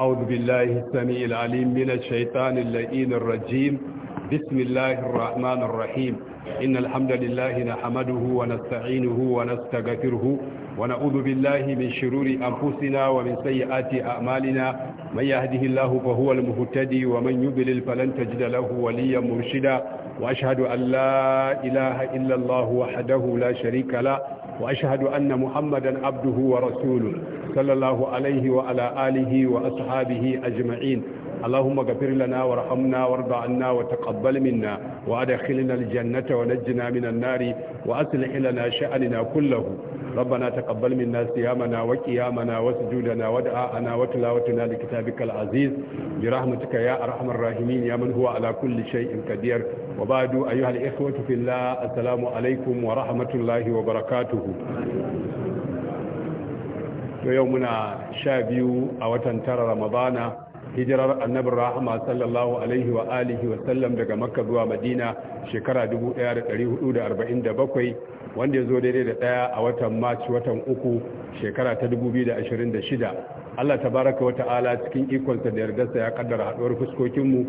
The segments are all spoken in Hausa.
أعوذ بالله السميع العليم من الشيطان اللئين الرجيم بسم الله الرحمن الرحيم إن الحمد لله نحمده ونستعينه ونستغفره ونعوذ بالله من شرور أنفسنا ومن سيئات أعمالنا من يهده الله فهو المهتدي ومن يضلل فلن تجد له وليا مرشدا وأشهد أن لا إله إلا الله وحده لا شريك له وأشهد أن محمدا عبده ورسوله صلى الله عليه وعلى آله وأصحابه أجمعين اللهم اغفر لنا وارحمنا وارض عنا وتقبل منا وادخلنا الجنة أنت ونجنا من النار وأصلح لنا شأننا كله ربنا تقبل منا صيامنا وقيامنا وسجودنا ودعاءنا وتلاوتنا لكتابك العزيز برحمتك يا أرحم الراحمين يا من هو على كل شيء قدير وبعد أيها الإخوة في الله السلام عليكم ورحمة الله وبركاته يومنا شابيو أو تنتر رمضان hijirar annabin rahama sallallahu alaihi wa alihi wa sallam daga makka zuwa madina shekara 1447 wanda ya zo daidai da daya a watan march watan uku shekara ta 2026 allah ta baraka wata ta'ala cikin ikonsa da yardarsa ya kaddara haduwar fuskokinmu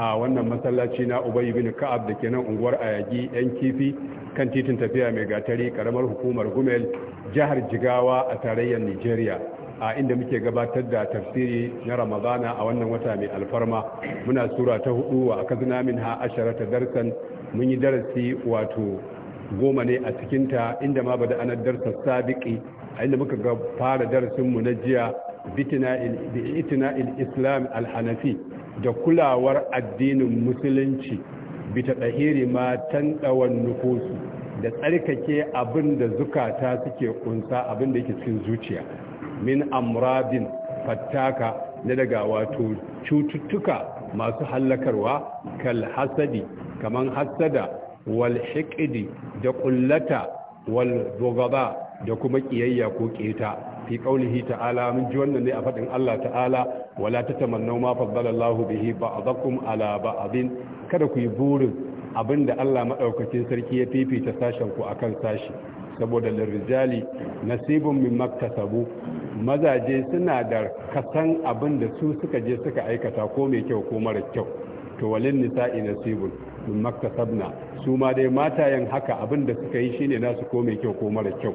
a wannan masallaci na ubayi bin ka'ab da ke nan unguwar ayagi yan kifi kan titin tafiya mai gatari karamar hukumar gumel jihar jigawa a tarayyar nigeria a inda muke gabatar da tafsiri na ramadana a wannan wata mai alfarma muna sura ta hudu wa aka zina min ha asharata darsan mun yi darasi wato goma ne a cikinta inda ma bada anar darsa sabiki a inda muka ga fara darasin mu na jiya bitina il islam alhanafi da kulawar addinin musulunci bita ɗahiri ma tan nufusu da tsarkake abin da zukata suke kunsa abin da yake cikin zuciya min amradin fattaka na daga wato cututtuka masu hallakarwa kal hasadi kamar hasada wal hiqdi da ƙullata wal dogaba da kuma kiyayya ko keta fi qaulihi ta'ala mun ji wannan ne a fadin Allah ta'ala wala tatamannu ma faddala Allahu bihi ba'dakum ala ba'din kada ku yi burin abinda Allah madaukakin sarki ya fifita sashen ku akan sashi saboda lirrijali nasibun min maktasabu mazaje suna da kasan abin da su suka je suka aikata ko mai kyau ko mara kyau to walin nisa'i nasibun min maktasabna su ma dai matayen haka abin da suka yi shine nasu ko mai kyau ko mara kyau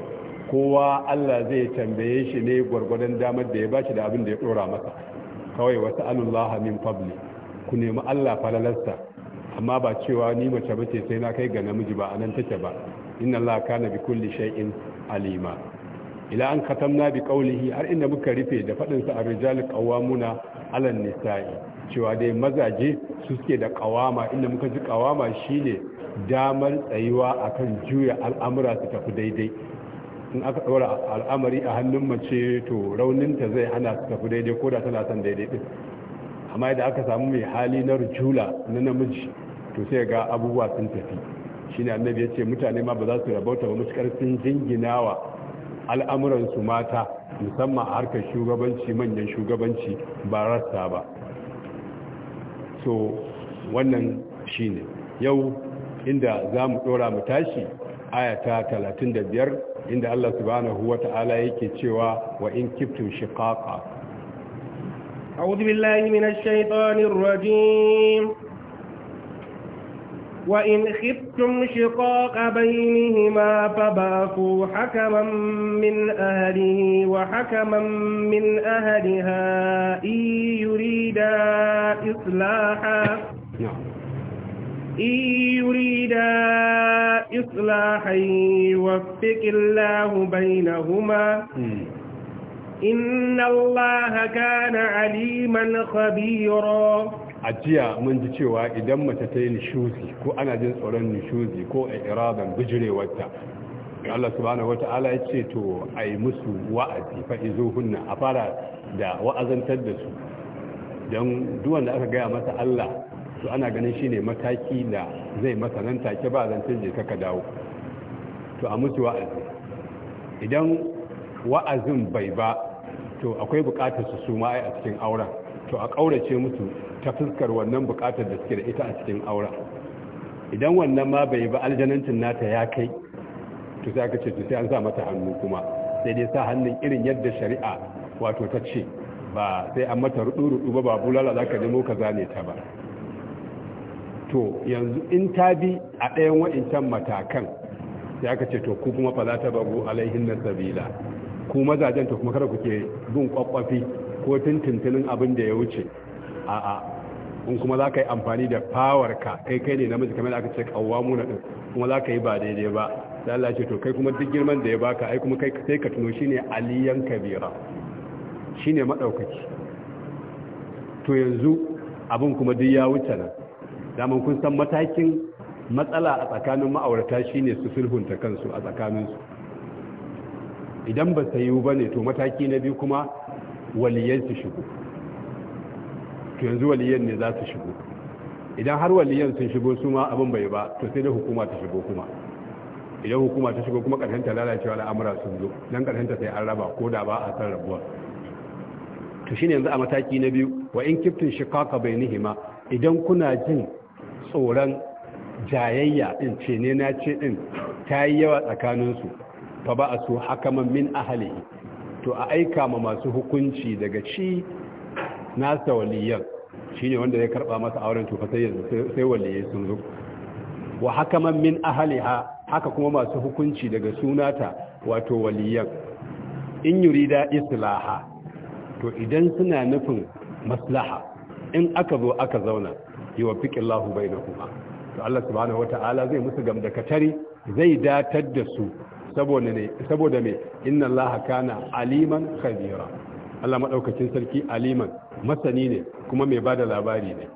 kowa Allah zai tambaye shi ne gwargwadon damar da ya bashi da abin da ya dora masa kawai wasu alullaha min fabli ku nemi Allah falalarsa amma ba cewa ni mace bace sai na kai ga namiji ba anan take ba inna Allah kana bi kulli shay'in alima ila an katamna bi qawlihi har inda muka rufe da fadin sa ar-rijal qawamuna 'ala an-nisa'i cewa dai mazaje su suke da qawama inda muka ji qawama shine damar tsayuwa akan juya al'amura su tafi daidai in aka ɗora al'amari a hannun mace to rauninta zai hana su tafi daidai ko da tana son daidai din amma idan aka samu mai hali na rujula na namiji to sai ga abubuwa sun tafi shine annabi ya ce mutane ma ba za su rabauta ba mutukar sun jinginawa al'amuransu mata musamman a harkar shugabanci manyan shugabanci ba rasta ba so wannan shine yau inda za mu ɗora mu tashi ayata talatin da biyar inda Allah su subhanahu wa ta'ala yake cewa wa in kiftum shiqaqa أعوذ بالله من الشيطان الرجيم وإن خفتم شقاق بينهما فباكوا حكما من أهله وحكما من أهلها إن يريدا إصلاحا نعم. إن يريدا إصلاحا يوفق الله بينهما إن الله كان عليما خبيرا a jiya mun ji cewa idan mace ta yi nishuzi ko ana jin tsoron nishuzi ko a iradan bijirewarta Allah subhanahu wata'ala ya ce to a yi musu wa'azi fa'izo hunna a fara da wa'azantar da su don duwan da aka gaya masa Allah to ana ganin shi ne mataki da zai masa nan take ba zan je ka dawo to a musu wa'azi idan wa'azin bai ba to akwai bukatar su suma a cikin auren to a ƙaurace musu ta fuskar wannan buƙatar da suke da ita a cikin aura idan wannan ma bai ba aljanancin nata ya kai to sai aka ce to sai an sa mata hannu kuma sai dai sa hannun irin yadda shari'a wato ta ce ba sai an mata rudu-rudu ba ba bulala za ka nemo ka zane ta ba to yanzu in ta bi a ɗayan wa'incan matakan sai aka ce to ku kuma fa za ta bago alaihin nasabila ku mazajen to kuma kada kuke bin kwakwafi ko tuntuntunin abin da ya wuce a'a in kuma za ka yi amfani da power ka kai kai ne namiji kamar aka ce kawamu na din kuma za ka yi ba daidai ba da Allah ce to kai kuma duk girman da ya baka ai kuma kai sai ka tuno shine aliyan kabira shine madaukaki to yanzu abin kuma duk ya wuce nan daman kun san matakin matsala a tsakanin ma'aurata shine su sulhunta kansu a tsakaninsu idan ba ta yiwu ba ne to mataki na biyu kuma waliyan su shigo to yanzu waliyan ne za su shigo idan har waliyan sun shigo su ma abin bai ba to sai da hukuma ta shigo kuma idan hukuma ta shigo kuma ta lalacewa al'amura sun zo don ƙarshenta sai an raba ko da ba a san rabuwa to shine yanzu a mataki na biyu wa in kiftin shikaka bai nihima idan kuna jin tsoron jayayya din ce ne na ce din ta yi yawa tsakaninsu fa ba a so hakaman min ahalihi to a aika ma masu hukunci daga ci nasa waliyan ne wanda ya karba masa auren to fa sai sai waliyai sun zo wa hakaman min ahliha haka kuma masu hukunci daga sunata wato waliyan in yurida islaha to idan suna nufin maslaha in aka zo aka zauna na bainahuma to Allah subhanahu wata'ala zai musu gamdakatari zai datar da su saboda mai inna Allah haka na aliman khabira Allah maɗaukacin sarki aliman masani ne kuma mai ba da labari ne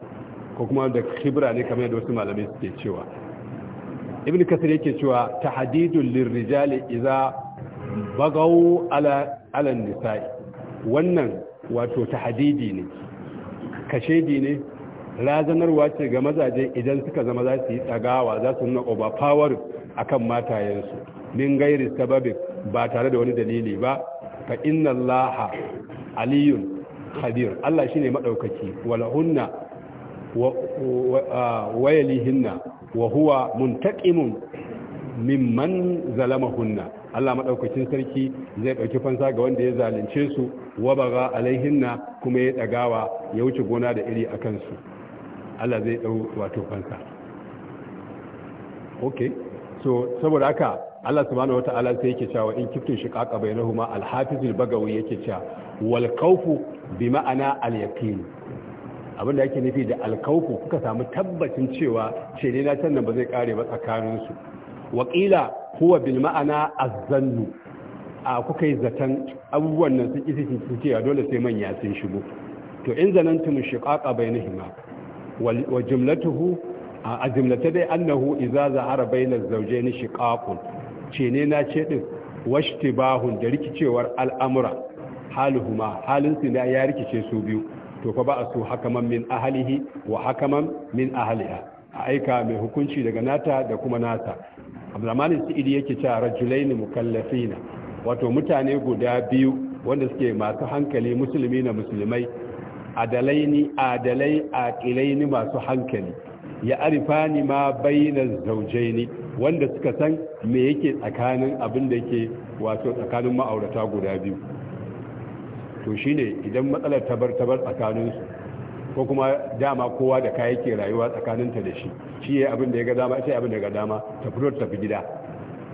ko kuma da khibra ne kamar yadda wasu malamai suke cewa ibn kasir yake cewa hadidun lirrijali idza bagaw ala nisa'i wannan wato ta hadidi ne kashe ne razanarwa ce ga mazaje idan suka zama za su yi tsagawa za su nuna overpower akan matayensu min gairi sababin ba tare da wani dalili ba fa inna allaha aliyun khabir Allah shine madaukaki wala hunna wa yalihinna wa huwa muntaqimun mimman zalamahunna Allah madaukakin sarki zai ɗauki fansa ga wanda ya zalunce su wa baga alaihinna kuma ya ɗagawa, ya wuce gona da iri akan su Allah zai dau wato fansa okay so saboda haka Allah subhanahu wata'ala sai yake cewa in shi shiqaqa bainahuma al-hafiz al-bagawi yake cewa wal khawfu bi ma'ana al-yaqin abinda yake nufi da al khawfu kuka samu tabbacin cewa ce ne na tannan ba zai kare ba tsakanin su wa qila huwa bil ma'ana az-zannu a kuka yi zaton abubuwan nan sun isi sun ya dole sai manya sun shigo to in zanantum shiqaqa bainahuma wa jumlatuhu a jumlata dai annahu idza zahara bainaz zawjayn shiqaqun cene na ce din bahun da rikicewar al'amura haluhuma halin su ya rikice su biyu to fa ba a so hakaman min ahalihi wa hakaman min ahaliha a aika mai hukunci daga nata da kuma nata abdulrahman sa'idi yake cewa rajulaini mukallafina wato mutane guda biyu wanda suke masu hankali musulmi na musulmai adalaini adalai aqilaini masu hankali ya arifani ma bayyana zaujaini wanda suka san me yake tsakanin abin da yake wato tsakanin ma'aurata guda biyu to shine idan matsalar tabar-tabar tsakaninsu ko kuma dama kowa da kayan ke rayuwa tsakaninta da shi shi ya abin da ya ga dama ita abin da ga dama ta fito tafi gida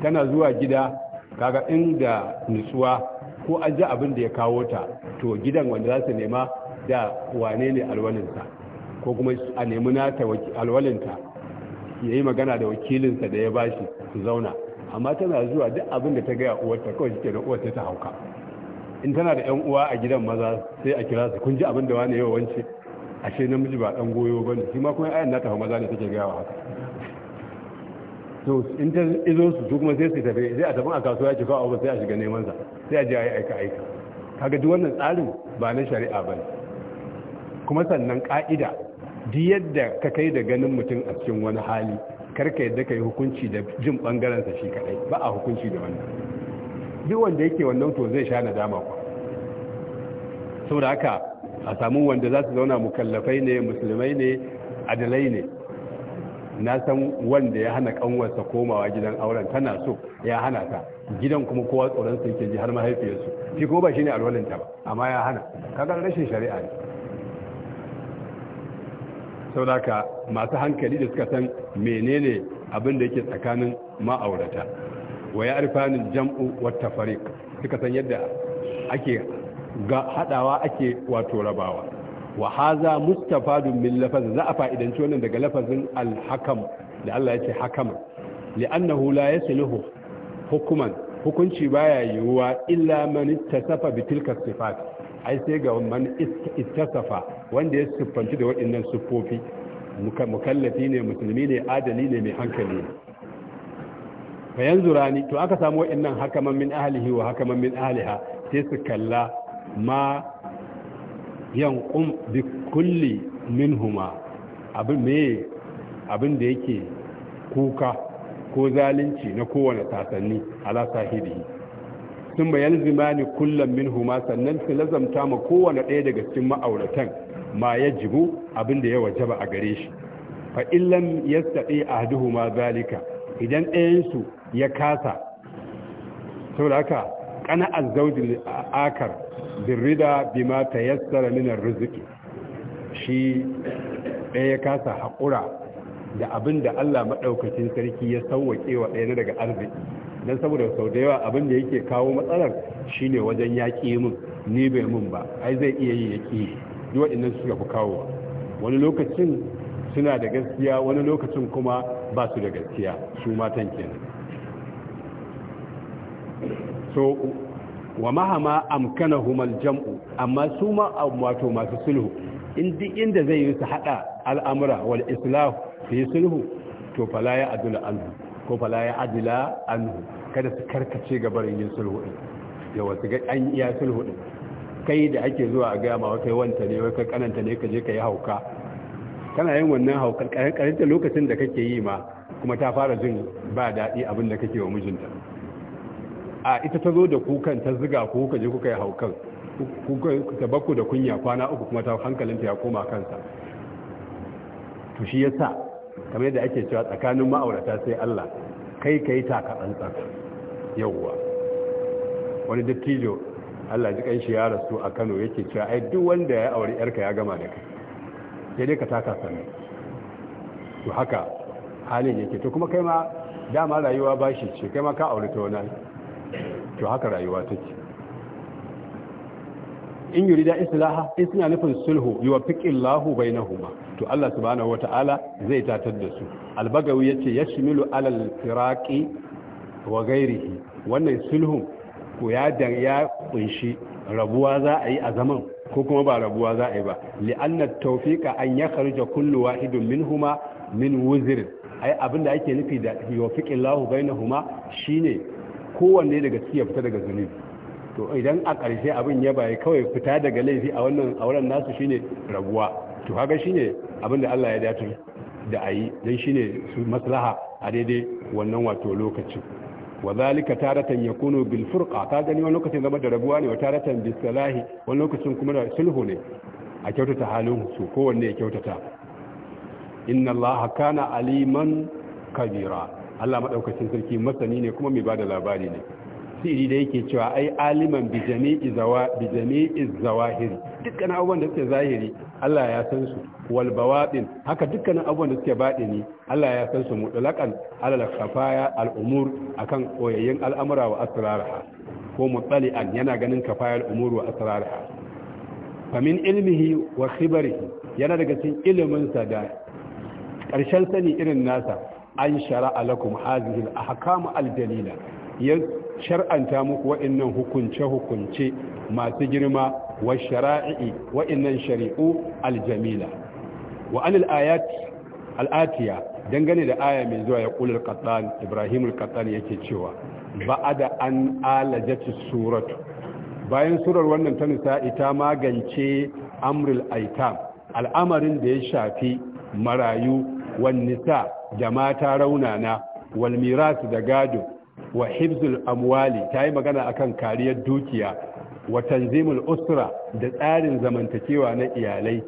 tana zuwa gida kaga inda nutsuwa ko an ji abin da ya kawo ta to gidan wanda za su nema da wane ne alwalinta ko kuma a nemi nata alwalinta ya yi magana da wakilinsa da ya bashi su zauna amma tana zuwa duk abin da ta gaya uwarta kawai shi da uwarta ta hauka in tana da yan uwa a gidan maza sai a kira su kun ji abin da wani yawa wance ashe namiji ba dan goyo ba ne shi ma kuma ayan nata maza ne take gaya wa haka to in ta izo su su kuma sai su tafi sai a tafi a kasuwa ya kawo ba sai a shiga neman sa sai a je ayi aika aika kaga duk wannan tsarin ba na shari'a bane kuma sannan ka'ida di yadda ka kai da ganin mutum a cikin wani hali karka yadda ka yi hukunci da jin bangaransa shi kadai ba a hukunci da wannan duk wanda yake wannan to zai sha nadama ku saboda haka a samu wanda za su zauna mukallafai ne musulmai ne adalai ne na san wanda ya hana kanwarsa komawa gidan auren tana so ya hana ta gidan kuma kowa tsoron su yake ji har mahaifiyarsu shi ko ba shine alwalinta ba amma ya hana kaga rashin shari'a ne sauraka masu hankali da suka san menene abin da yake tsakanin ma'aurata wa ya arfanin jam'u wata fari? suka san yadda ake ga hadawa ake wato rabawa wa haza mustafadun min lafazin za a fa'idanci wannan daga lafazin alhakam da Allah ya ce hakama li'annahu la yasluhu hukuman hukunci baya yiwuwa illa man ittasafa bi tilka sifat ai sai ga man ittasafa wanda ya siffanci da waɗannan siffofi mukallafi ne musulmi ne adali ne mai hankali ne fa yanzu rani to aka samu waɗannan hakaman min ahlihi wa hakaman min ahliha sai su kalla ma yanqum bi kulli minhuma abin me abin da yake kuka ko zalunci na kowane sasanni ala sahibihi sun ma zimani kullum min huma sannan su lazamta ma kowane ɗaya daga cikin ma'auratan ma ya jibu abin da ya ba a gare shi fa a yastati ahduhuma zalika idan ɗayansu ya kasa Sau saboda haka kana a akar birrida bima yassara nuna riziki. shi ɗaya ya kasa haƙura da abin da Allah maɗaukacin sarki ya sauwaƙe wa ɗaya daga arziki don saboda sau da yawa abin da yake kawo matsalar shine wajen ya ƙi min ni bai mun ba ai zai iya yi ya ƙi duk waɗannan suka fi kawo wani lokacin suna da gaskiya wani lokacin kuma ba su da gaskiya su matan kenan so wa mahama amkana humal jam'u amma su ma wato masu sulhu inda zai yi su hada al'amura wal islahu fi sulhu to fala ya adula anhu ko fala ya adila anhu kada su karkace ga barin yin sulhu din ya wasu ga an iya sulhu din kai da ake zuwa a ma wa kai wanta ne wai kai kananta ne ka je ka yi hauka kana yin wannan haukar karanta lokacin da kake yi ma kuma ta fara jin ba daɗi abin da kake wa mijinta a ita ta zo da kukan ta ziga ko ka je kuka yi haukan ta bakku da kunya kwana uku kuma ta hankalinta ya koma kansa to shi yasa kamar yadda ake cewa tsakanin ma'aurata sai Allah kai kai taka tsantsan yawwa wani dattijo Allah ji kanshi ya rasu a Kano yake cewa ai duk wanda ya aure yarka ya gama da kai sai dai ka taka sanne to haka halin yake to kuma kai ma dama rayuwa bashi ce kai ma ka aure ta wani to haka rayuwa take in yurida islaha in suna nufin sulhu yuwaffiqillahu bainahuma to Allah subhanahu ta'ala zai tatar da su albagawi yace yashmilu alal firaki wa gairihi. wannan sulhun ko ya dan ya kunshi rabuwa za a yi a zaman ko kuma ba rabuwa za a yi ba li'anna tawfiqa an yakhruja kullu wahidun minhuma min wuzr ai abinda ake nufi da baina bainahuma shine kowanne daga ciki ya fita daga zunubi to idan a karshe abin ya bai kawai fita daga laifi a wannan auren nasu shine rabuwa to haka shine abin da Allah ya dace da ayi dan shine su maslaha a daidai wannan wato lokacin wa zalika taratan yakunu bil furqa ka gani wani lokacin zama da rabuwa ne wa taratan bis salahi wani lokacin kuma da sulhu ne a kyautata halin su kowanne ya kyautata inna Allah kana aliman kabira Allah madaukakin sarki masani ne kuma mai bada labari ne siri da yake cewa ai aliman bi jami'i zawa bi jami'i zawahiri dukkan abubuwan da suke zahiri Allah ya san su wal bawatin haka dukkan abubuwan da suke batini Allah ya san su mutlaqan al khafaya al umur akan koyayyen al'amura wa asrarha ko an yana ganin kafayar umur wa asrarha min ilmihi wa khibarihi yana daga cikin iliminsa da ƙarshen sani irin nasa an shara'a lakum hadhihi al ahkam al dalila shar'anta muku wa'annan hukunce-hukunce masu girma wa shara'i wa'annan shari'u aljamila wa anil al'atiya dangane da aya mai zuwa ya kular katsan ibrahim katsan yake cewa ba'ada an alajati suratu bayan surar wannan ta nisa'i ta magance amrul aitam al'amarin da ya shafi marayu wan nisa da mata raunana wal mirasu da gado wa hibzul amwali ta yi magana akan kariyar dukiya wa tanzimul usra da tsarin zamantakewa na iyalai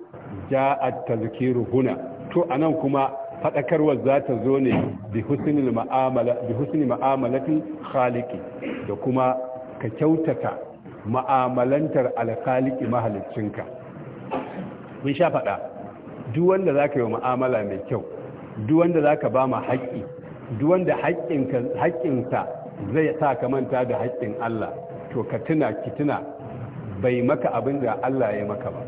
ja a tazkiru huna to anan kuma fadakarwar za ta zo ne bi husnil ma'amala bi husni ma'amalatin khaliqi da kuma ka kyautata ma'amalantar alkhaliqi mahalicinka mun sha fada duk wanda zaka yi mu'amala mai kyau duk wanda zaka ba ma haƙƙi duk wanda haƙƙinsa zai sa ka manta da haƙƙin Allah to ka tuna ki tuna bai maka abin da Allah ya maka ba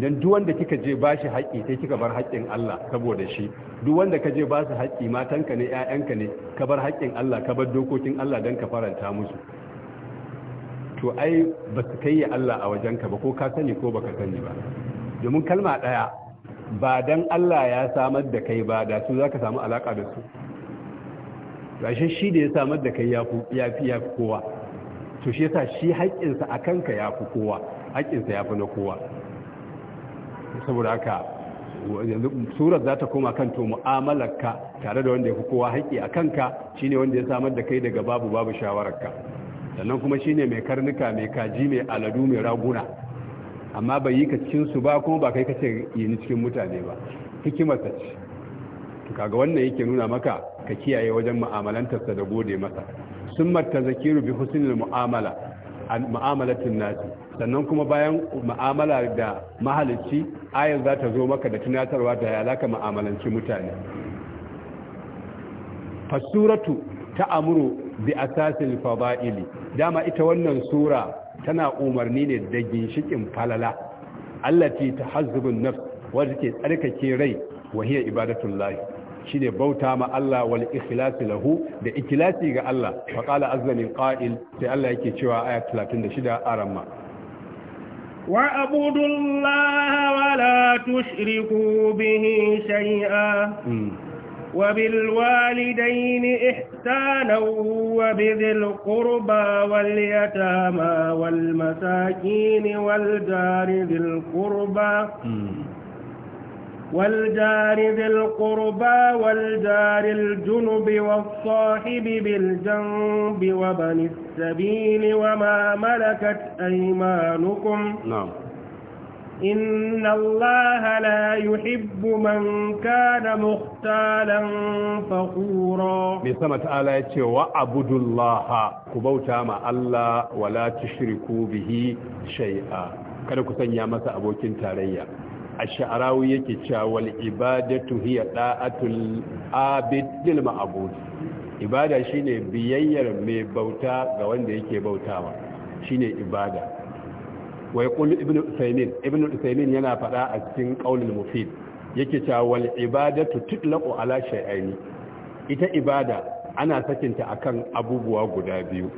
Don duk kika je ba shi haƙƙi sai kika bar haƙƙin Allah saboda shi Duwanda ka je ba su haƙƙi matanka ne 'ya'yanka ne ka bar haƙƙin Allah ka bar dokokin Allah don ka faranta musu to ai ba su kai Allah a wajenka ba ko ka sani ko ba ka sani ba domin kalma ɗaya ba don Allah ya samar da kai ba da su za ka samu alaƙa da su to shi da ya samar da kai ya fi ya fi kowa to shi yasa shi haƙƙinsa a kanka ya fi kowa haƙƙinsa ya fi na kowa saboda haka surar za ta koma kan to mu'amalarka tare da wanda ya fi kowa haƙƙi a kanka shine wanda ya samar da kai daga babu babu shawararka sannan kuma shine mai karnuka mai kaji mai aladu mai raguna amma bai yi ka cikinsu ba kuma ba kai kace yi ni cikin mutane ba hikimar ce to kaga wannan yake nuna maka ka kiyaye wajen mu'amalantarsa da gode masa Sun marta zakiru bi husnil mu'amala mu'amalatin nasi sannan kuma bayan mu'amala da mahalicci ayar za ta zo maka da tunatarwa da alaka mu'amalanci mutane fasuratu ta amuru bi asasil fada'ili dama ita wannan sura tana umarni ne da ginshikin falala allati tahazzubun nafs wanda ke tsarkake rai wa hiya ibadatullahi shine bauta ma Allah wal ikhlas lahu da ikhlasi ga Allah fa qala azza min qa'il sai Allah yake cewa aya 36 arama wa abudullaha wa la tushriku bihi shay'a وبالوالدين إحسانا وبذي Wal واليتامى والمساكين والجار bil القربى والجار ذي القربى والجار الجنب والصاحب بالجنب وبن السبيل وما ملكت أيمانكم نعم إن الله لا يحب من كان مختالا فخورا بسم تعالى وعبد الله كبوتا مع الله ولا تشركوا به شيئا kada ku sanya masa abokin tarayya a sha'arawu yake cewa wal ibadatu hiya da'atul abid lil ma'bud ibada shine biyayyar mai bauta ga wanda yake bautawa shine ibada wai qul Ibn usaymin Ibn usaymin yana fada a cikin qaulul mufid yake cewa wal ibadatu tutlaqu ala shay'aini ita ibada ana sakinta akan abubuwa guda biyu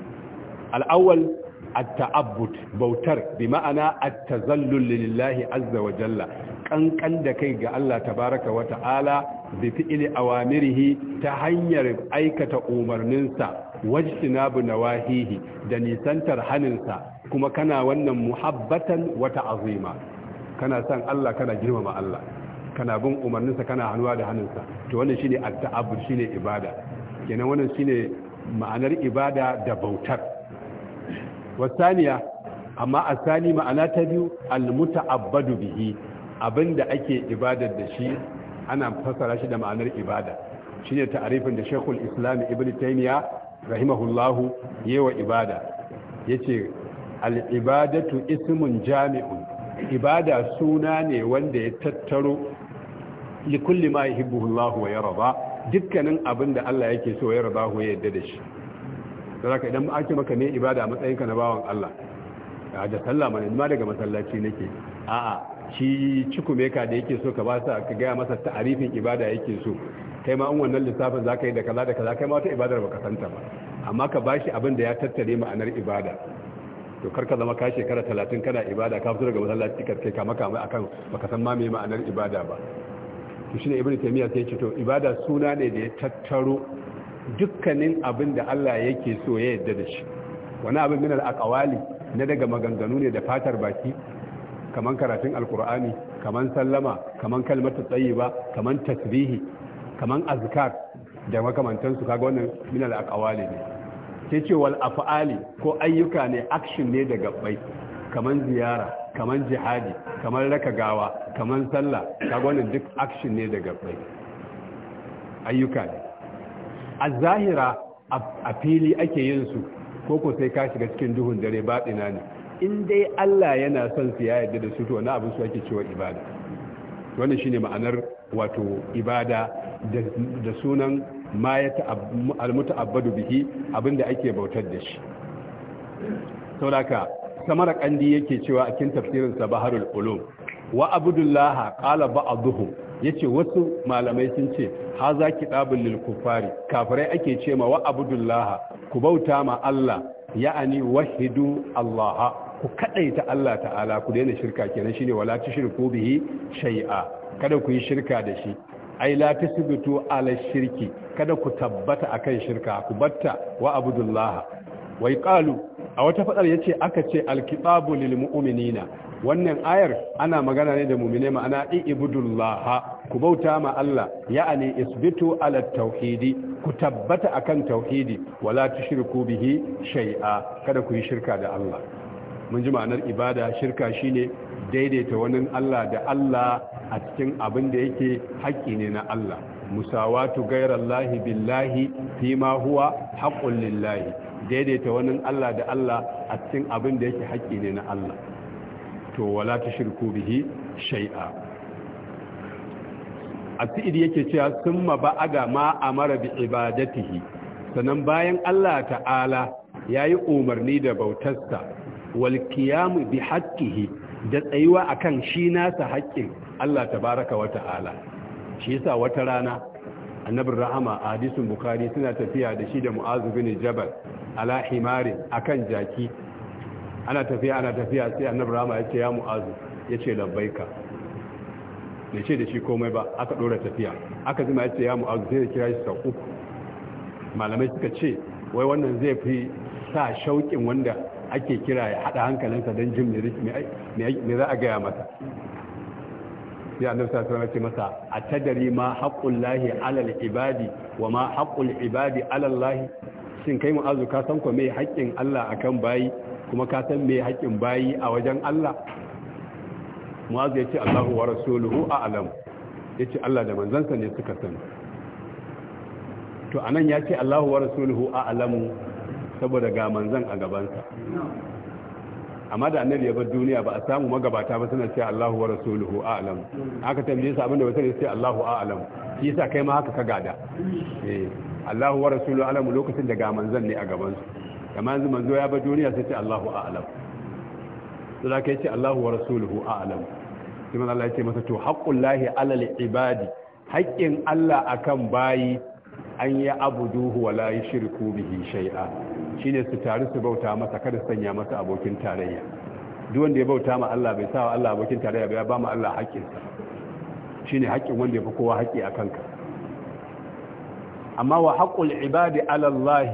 al'awwal at-ta'abbud bautar bi ma'ana at-tazallul lillahi azza wa jalla kankan da kai ga Allah tabaraka wa ta'ala bi fi'li awamirihi ta hanyar aikata umarninsa wajtinabu nawahihi da nisantar haninsa kuma kana wannan muhabbatan wata azima kana san Allah kana girmama Allah kana bin umarninsa kana hannuwa da haninsa to wannan shine at-ta'abbud shine ibada kenan wannan shine ma'anar ibada da bautar wasaniya amma asani ma'ana ta biyu almuta'abbadu bihi abinda ake ibadar da shi ana fassara shi da ma'anar ibada shine ta'arifin da Sheikhul Islam Ibn Taymiyyah rahimahullahu yawa ibada yace al-ibadatu ismun jami'un ibada suna ne wanda ya tattaro likulli ma yuhibbuhu Allah wa yarda dukkanin abinda Allah yake so ya yarda ya yarda da shi saboda idan ake maka ne ibada a matsayinka na bawan Allah da sallah mana ma daga masallaci nake a'a shi cikume ka da yake so ka ba sa ka gaya masa ta'arifin ibada yake so kai ma in wannan lissafin zaka yi da kaza da kaza kai ma wata ibadar baka santa ba amma ka bashi abin da ya tattare ma'anar ibada to kar ka zama ka shekara talatin kana ibada ka fito daga masallaci ka kai ka maka mai akan baka san ma me ma'anar ibada ba to shine ibnu taymiya sai ce to ibada suna ne da ya tattaro dukkanin abin da Allah yake so ya yadda da shi wani abin min al-aqwali na daga maganganu ne da fatar baki kaman karatun alkur'ani kaman sallama kaman kalmatu tayyiba kaman tasbihi kaman azkar da makamantansu kaga wannan min al-aqwali ne sai ce wal af'ali ko ayyuka ne action ne da gabbai kaman ziyara kaman jihadi kaman raka gawa kaman sallah kaga wannan duk action ne da gabbai ayyuka ne a zahira a fili ake yin su ko ko sai ka shiga cikin duhun dare baɗina ne in dai Allah yana son su ya yarda da su to wani abin su ake cewa ibada wannan shine ma'anar wato ibada da sunan ma ya ta'abbadu bihi abinda ake bautar da shi sauraka samara kandi yake cewa a cikin tafsirin sa baharul ulum wa abudullah qala ba'dhum Ya ce wasu malamai sun ce haza ki ɗabin lilkufari kafirai ake ce ma wa Abudullaha ku bauta ma Allah ya'ani wahidu Allah ku ta Allah ta'ala ku daina shirka kenan shi ne wala shirku bihi shai'a kada ku yi shirka da shi ai la tasbitu ala shirki kada ku tabbata akan shirka ku batta wa Abudullaha. wai qalu a wata fadar yace aka ce alkitabu lil mu'minina wannan ayar ana magana ne da mumine ma'ana ibudullah ku bauta ma Allah ya'ani isbitu ala tauhidi ku tabbata akan tauhidi wala tushriku bihi shay'a kada ku yi shirka da Allah mun ji ma'anar ibada shirka shine daidaita wani Allah da Allah a cikin abin da yake haƙƙi ne na Allah musawatu gairallahi billahi fi ma huwa haqqul lillahi daidaita wani Allah da Allah a cikin abin da yake haƙƙi ne na Allah to wala ta shirku bihi shay'a asidi yake cewa summa ba'ada ma amara bi ibadatihi sannan bayan Allah ta'ala yayi umarni da bautarsa wal qiyam bi haqqihi da tsayuwa akan shi nasa haƙƙin Allah tabaraka wa ta'ala shi yasa wata rana annabin rahama a hadisin bukari suna tafiya da shi da mu'azu bin jabal ala himarin akan jaki ana tafiya ana tafiya sai annabi rama ya ce ya mu'azu ya ce labbaika bai da shi komai ba aka dora tafiya aka zima yace ce ya mu'azu sai da kira shi sau uku malamai suka ce wai wannan zai fi sa shauƙin wanda ake kira ya haɗa hankalinsa don jin mai za a gaya masa sai annabi sallallahu alaihi ce masa a tadari ma haqqul alal ibadi wa ma haqqul ibadi alallahi. shin kai mu'azu ka san ko me haƙƙin Allah akan bayi kuma ka san me haƙƙin bayi a wajen Allah mu'azu yace Allahu wa rasuluhu a'lam yace Allah da manzansa ne suka san, to anan yace Allahu wa rasuluhu a'lam saboda ga manzan a gabansa amma da annabi ya bar duniya ba a samu magabata ba suna cewa Allahu wa rasuluhu a'lam haka tambaye su abinda wata ya sai Allahu a'lam yasa kai ma haka ka gada eh Allahu wa rasulu alamu lokacin da ga manzan ne a gabansu kama yanzu manzo ya ba duniya sai ce Allahu a'lam to da kai ce Allahu wa rasuluhu a'lam sai manzo Allah ya ce masa to haqqullahi alal ibadi haƙƙin Allah akan bayi an ya abuduhu wa la yushriku bihi shay'a shine su tare su bauta masa kada su sanya masa abokin tarayya duk wanda ya bauta ma Allah bai sa Allah abokin tarayya ba ya ba mu Allah haƙƙinsa shine haƙƙin wanda ya fi kowa haƙƙi akan ka amma wa haqqul ibadi ala Allah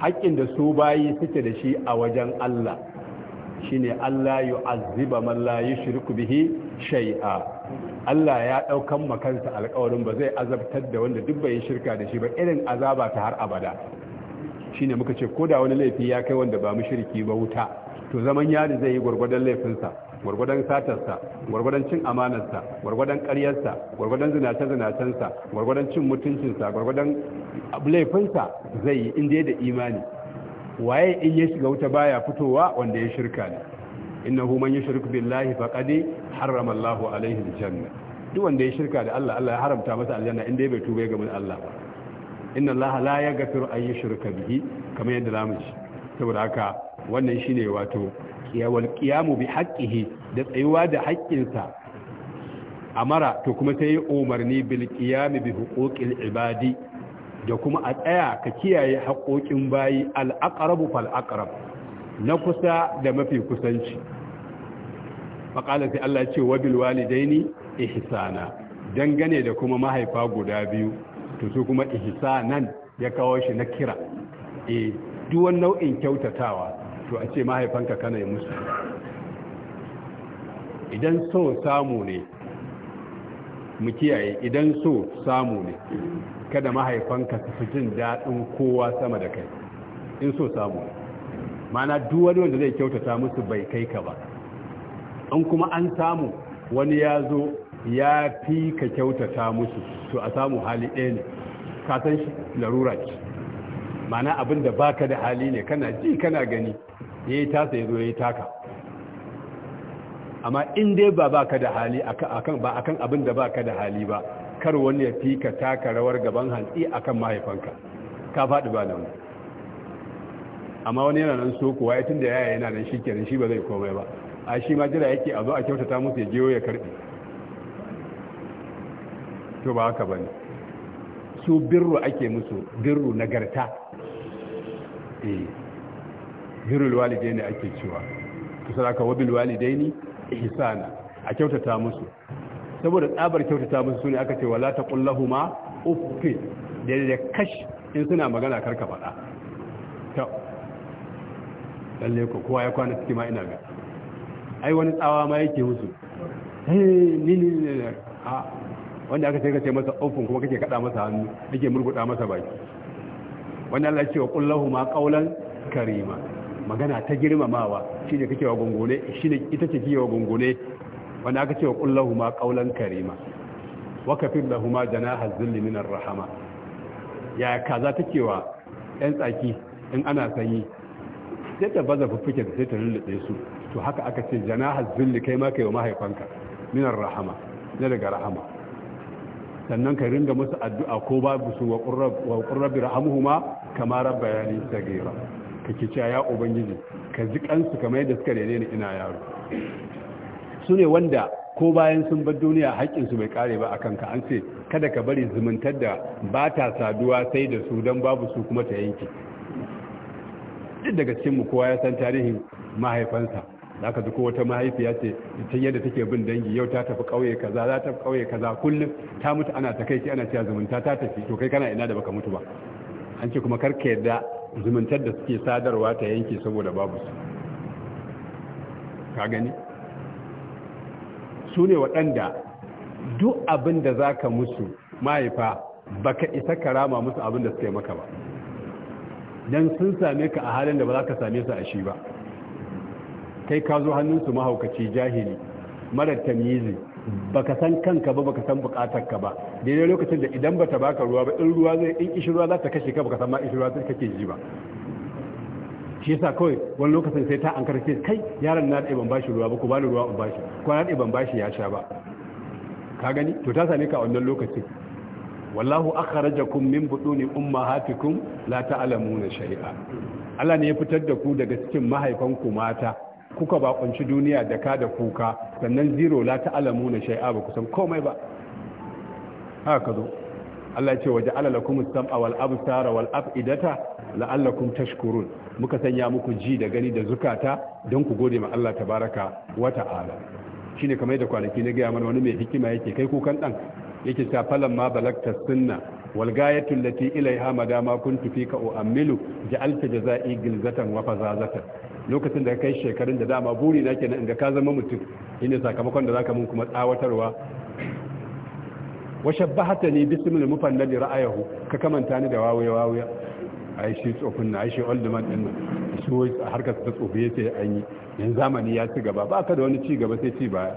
haƙƙin da su bayi suke da shi a wajen Allah shine Allah yu'azziba man la yushriku bihi shay'a Allah ya daukan makansa alƙawarin ba zai azabtar da wanda duk bai shirka da shi ba irin azaba ta har abada shine muka ce ko da wani laifi ya kai wanda ba shirki ba wuta to zaman yari zai yi gwargwadon laifinsa gwargwadon satarsa gwargwadon cin amanarsa gwargwadon ƙaryarsa gwargwadon zinace zinacensa gwargwadon cin mutuncinsa gwargwadon laifinsa zai yi inda da imani waye in ya shiga wuta baya fitowa wanda ya shirka ne hu man yushriku billahi faqad harrama Allahu alaihi aljanna duk wanda ya shirka da Allah Allah ya haramta masa aljanna inda bai tuba ga mun Allah inna Allah la yaghfiru an yushrika bihi kamar yadda zamu ci saboda haka wannan shine wato dukiya wal qiyamu bi haqqihi da tsayuwa da haƙƙinsa amara to kuma sai umarni bil qiyami bi huquqil ibadi da kuma a tsaya ka kiyaye haƙoƙin bayi al aqrabu fal na kusa da mafi kusanci faqala sai Allah ya ce wa bil walidaini ihsana dangane da kuma mahaifa guda biyu to su kuma ihsanan ya kawo shi na kira eh duk nau'in kyautatawa to a ce mahaifanka kana yi musu idan so samu ne mu kiyaye idan so samu ne kada mahaifanka su fi jin daɗin kowa sama da kai in so samu ne mana duwani wanda zai kyautata musu bai kai ka ba in kuma an samu wani ya zo ya fi ka kyautata musu to a samu hali ɗaya ne ka shi larura ce mana abin da baka da hali ne kana ji kana gani ya yi tasa ya zo ya yi taka amma in dai ba ba ka da hali ba a kan abin da ba ka da hali ba kar wani ya fi ka taka rawar gaban hantsi kan mahaifanka ka faɗi ba nan amma wani yana nan so kuwa ya tunda yaya yana nan shi kenan shi ba zai komai ba a shi ma jira yake a zo a kyautata musu ya jiyo ya karɓi to ba haka ba ne su birru ake musu birru nagarta eh birul walidaini ake cewa to saraka wabil walidaini ihsana a kyautata musu saboda tsabar kyautata musu sune aka ce wala taqullahuma uffin da da kash in suna magana karka faɗa ta lalle ko kowa ya kwana cikin ma ina ga ai wani tsawa ma yake musu eh ni ni a wanda aka sai ka ce masa uffin kuma kake kada masa hannu kake murguda masa baki wannan Allah ya ce wa qullahuma lahum qawlan karima magana ta girmamawa shine kake wa gungune shine ita ce kiyewa wa gungune wanda aka ce wa kullahuma ma qawlan karima wa kafir lahumu janaha dhilli min rahama ya kaza take wa yan tsaki in ana sanyi sai ta baza fuffuke sai ta lullube su to haka aka ce janaha dhilli kai ma kai wa mahaifanka min rahama ne daga rahama sannan ka ringa musu addu'a ko babu su wa qurrab wa qurrab rahamuhuma kama rabbayani sagira kake cewa ya ubangiji ka ji kansu kamar yadda suka rene ni ina yaro su ne wanda ko bayan sun bar duniya su bai kare ba a kanka an ce kada ka bari zumuntar da ba ta saduwa sai da su don babu su kuma ta yanke duk daga cikinmu kowa ya san tarihin mahaifansa za ka ko wata mahaifiya ce ta yadda take bin dangi yau ta tafi ƙauye kaza za ta ƙauye kaza kullum ta mutu ana ta kai ana cewa zumunta ta tafi to kai kana ina da baka mutu ba an ce kuma kar ka yadda zumuntar da suke sadarwa ta yanke saboda babu su ka gani su ne waɗanda duk abin da za ka musu mahaifa ba ka isa karama musu abin da suka maka ba don sun same ka a halin da ba za ka same su a shi ba kai ka zo hannunsu mahaukaci jahili marar tamizi baka san kanka ba baka san bukatarka ba daidai lokacin da idan ba ta baka ruwa ba in ruwa zai in ishi ruwa za ta kashe ka baka san ma ishi ruwa zai kake ji ba shi yasa kawai wani lokacin sai ta an karfe kai yaron na da ban bashi ruwa ba ko bani ruwa ban bashi ko na da ban bashi ya sha ba ka gani to ta sani ka a wannan lokacin wallahu akhrajakum min butuni ummahatikum la ta'lamuna shay'a Allah ne ya fitar da ku daga cikin mahaifanku mata kuka bakunci duniya da ka da kuka sannan zero la alamu na shai'a ba kusan komai ba haka ka zo Allah ce waje ala lakum sam'a wal absara wal af'idata la'allakum tashkurun muka sanya muku ji da gani da zukata don ku gode ma Allah tabaraka wa ta'ala shine kamar da kwanaki na gaya mana wani mai hikima yake kai kukan dan yake ta falan ma balagta sunna wal gayatu allati ilaiha madama kuntu fika u'ammilu ja'alta jazai gilzatan wa fazazatan lokacin da ka kai shekarun da dama buri na ke in ga ka zama mutum shine sakamakon da zaka mun kuma tsawatarwa wa shabbahata ni mufan mufannadi ra'ayahu ka kamanta ni da wawiya wawiya ai shi tsofin na ai shi old man din nan su harkar ta tsofi yace an yi yanzu zamani ya ci gaba ba ka da wani ci gaba sai ci baya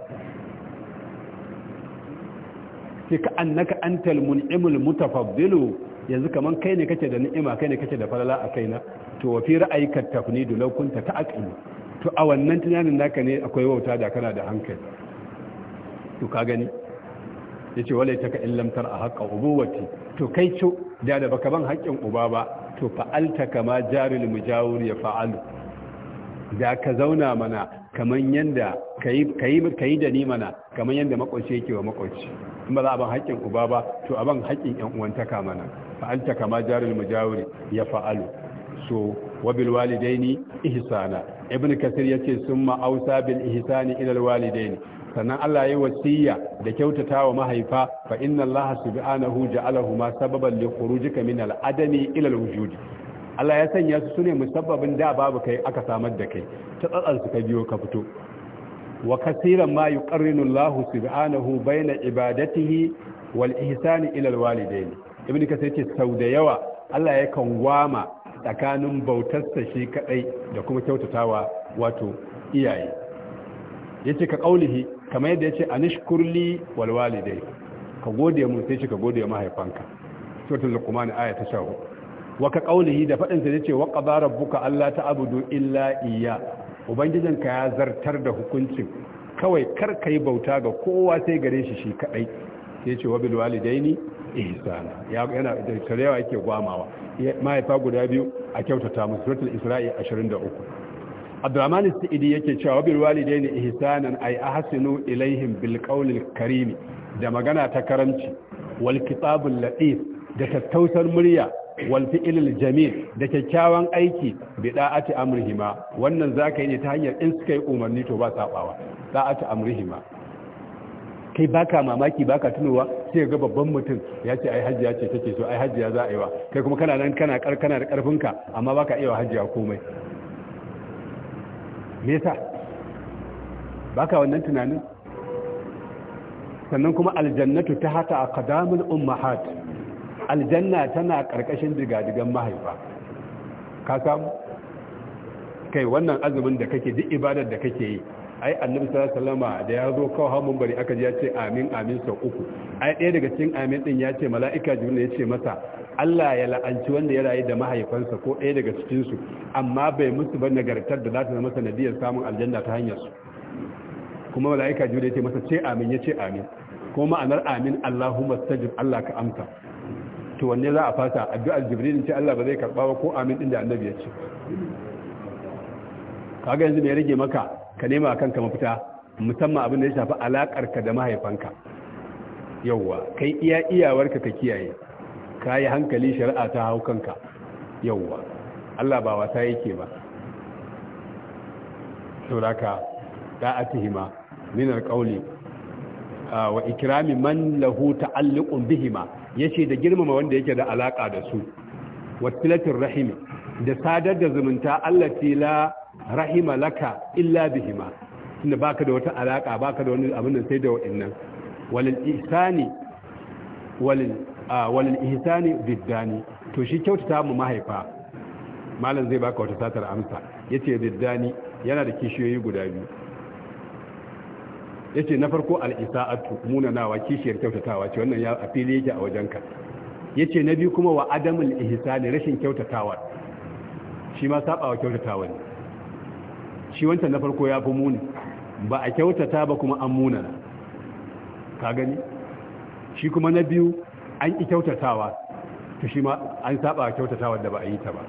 sai ka annaka antal mun'imul mutafaddilu yanzu kaman kai ne kake da ni'ima kai ne kake da falala a kaina to wa fi ra'ayika tafnidu law kunta ta'qilu to a wannan tunanin naka ne akwai wauta da kana da hankali to ka gani yace wala taka illam tar a haqqa ubuwati to kai co da da baka ban haƙƙin uba ba to fa'alta kama jaril mujawir ya fa'alu da ka zauna mana kaman yanda kai kai kai da ni mana kaman yanda makwaci yake wa makwaci in ba za a ban haƙƙin uba ba to a ban haƙƙin ƴan uwantaka mana fa'alta kama jaril mujawir ya fa'alu so wabil walidaini ihsana ibn kasir yace summa ausa bil ihsani ila al walidaini sannan Allah ya yi wasiya da kyautatawa mahaifa fa inna Allah subhanahu ja'alahuma sababan li khurujika min al adami ila al wujud Allah ya sanya su sune musabbabin da babu kai aka samar da kai ta tsatsan su ka biyo ka fito wa kasiran ma yuqarrinu Allah subhanahu baina ibadatihi wal ihsani ila al walidain ibn kasir yace sau da yawa Allah yakan gwama tsakanin bautarsa shi kadai da kuma kyautatawa wato iyaye yace ka kaulihi kamar yadda yace anishkurli wal walidai ka gode mu sai shi ka gode mahaifanka suratul luqman aya ta 14 wa ka kaulihi da fadin sa yace wa qadara rabbuka alla ta'budu illa iyya ubangijinka ya zartar da hukuncin kawai kar kai bauta ga kowa sai gare shi shi kadai yace wa bil walidaini ihsana yana da tarewa yake gwamawa mahaifa guda biyu a kyautata musu suratul isra'i 23 abdurrahman sa'idi yake cewa bil walidai ihsanan ay ahsinu ilaihim bil Bilkaunin Karimi da magana ta karamci wal kitabul latif da tattausar murya wal fi'lil jamil da kyakkyawan aiki bi da'ati amrihima wannan zaka yi ne ta hanyar in suka yi umarni to ba sabawa da'ati amrihima kai baka mamaki baka tunowa sai ga babban mutum ya ce ai hajjiya ce take so ai hajjiya za a yi wa kai kuma kana nan kana kana da ka amma baka iya hajjiya komai me yasa baka wannan tunanin sannan kuma aljannatu ta hata a kadamin ummahat aljanna tana karkashin digadigan mahaifa ka samu kai wannan azumin da kake duk ibadar da kake yi ai annabi sallallahu alaihi wasallam da ya zo kawo hamun bari aka ji ya ce amin amin sau uku ai ɗaya daga cikin amin din ya ce mala'ika jibril ya ce masa Allah ya la'anci wanda ya rayu da mahaifansa ko ɗaya daga cikin su amma bai musu ba nagartar da za ta zama sanadiyar samun aljanna ta hanyar su kuma mala'ika jibril ya ce masa ce amin ya ce amin ko ma'anar amin Allahumma stajib Allah ka amsa to wanne za a fata addu'ar jibril ce Allah ba zai karba ba ko amin din da annabi ya ce kaga yanzu me rage maka ka nema kanka mafita musamman abin da ya shafi alaƙarka da mahaifanka yawwa kai iya iyawarka ka kiyaye ka yi hankali shari'a ta hau kanka yawwa Allah ba wata yake ba sauraka hima, minar ƙauli wa ikirami man lahu ta'alluqun bihima yace da girmama wanda yake da alaka da su wa tilatir rahimi da sadar da zumunta allati la rahima laka illa bihima tunda baka da wata alaka baka da wani abin nan sai da wa'annan walil ihsani walil walil ihsani diddani to shi kyautata mu mahaifa malam zai baka wata satar amsa yace diddani yana da kishiyoyi guda biyu yace na farko al-isa'atu munanawa kishiyar kyautatawa ce wannan ya afili yake a wajenka yace na biyu kuma wa adamul ihsani rashin kyautatawa shi ma saba wa kyautatawa ne shi wancan na farko ya fi muni ba a kyautata ba kuma an munana ka gani shi kuma na biyu an ƙi kyautatawa to shi ma an saba kyautatawa da ba a yi ta ba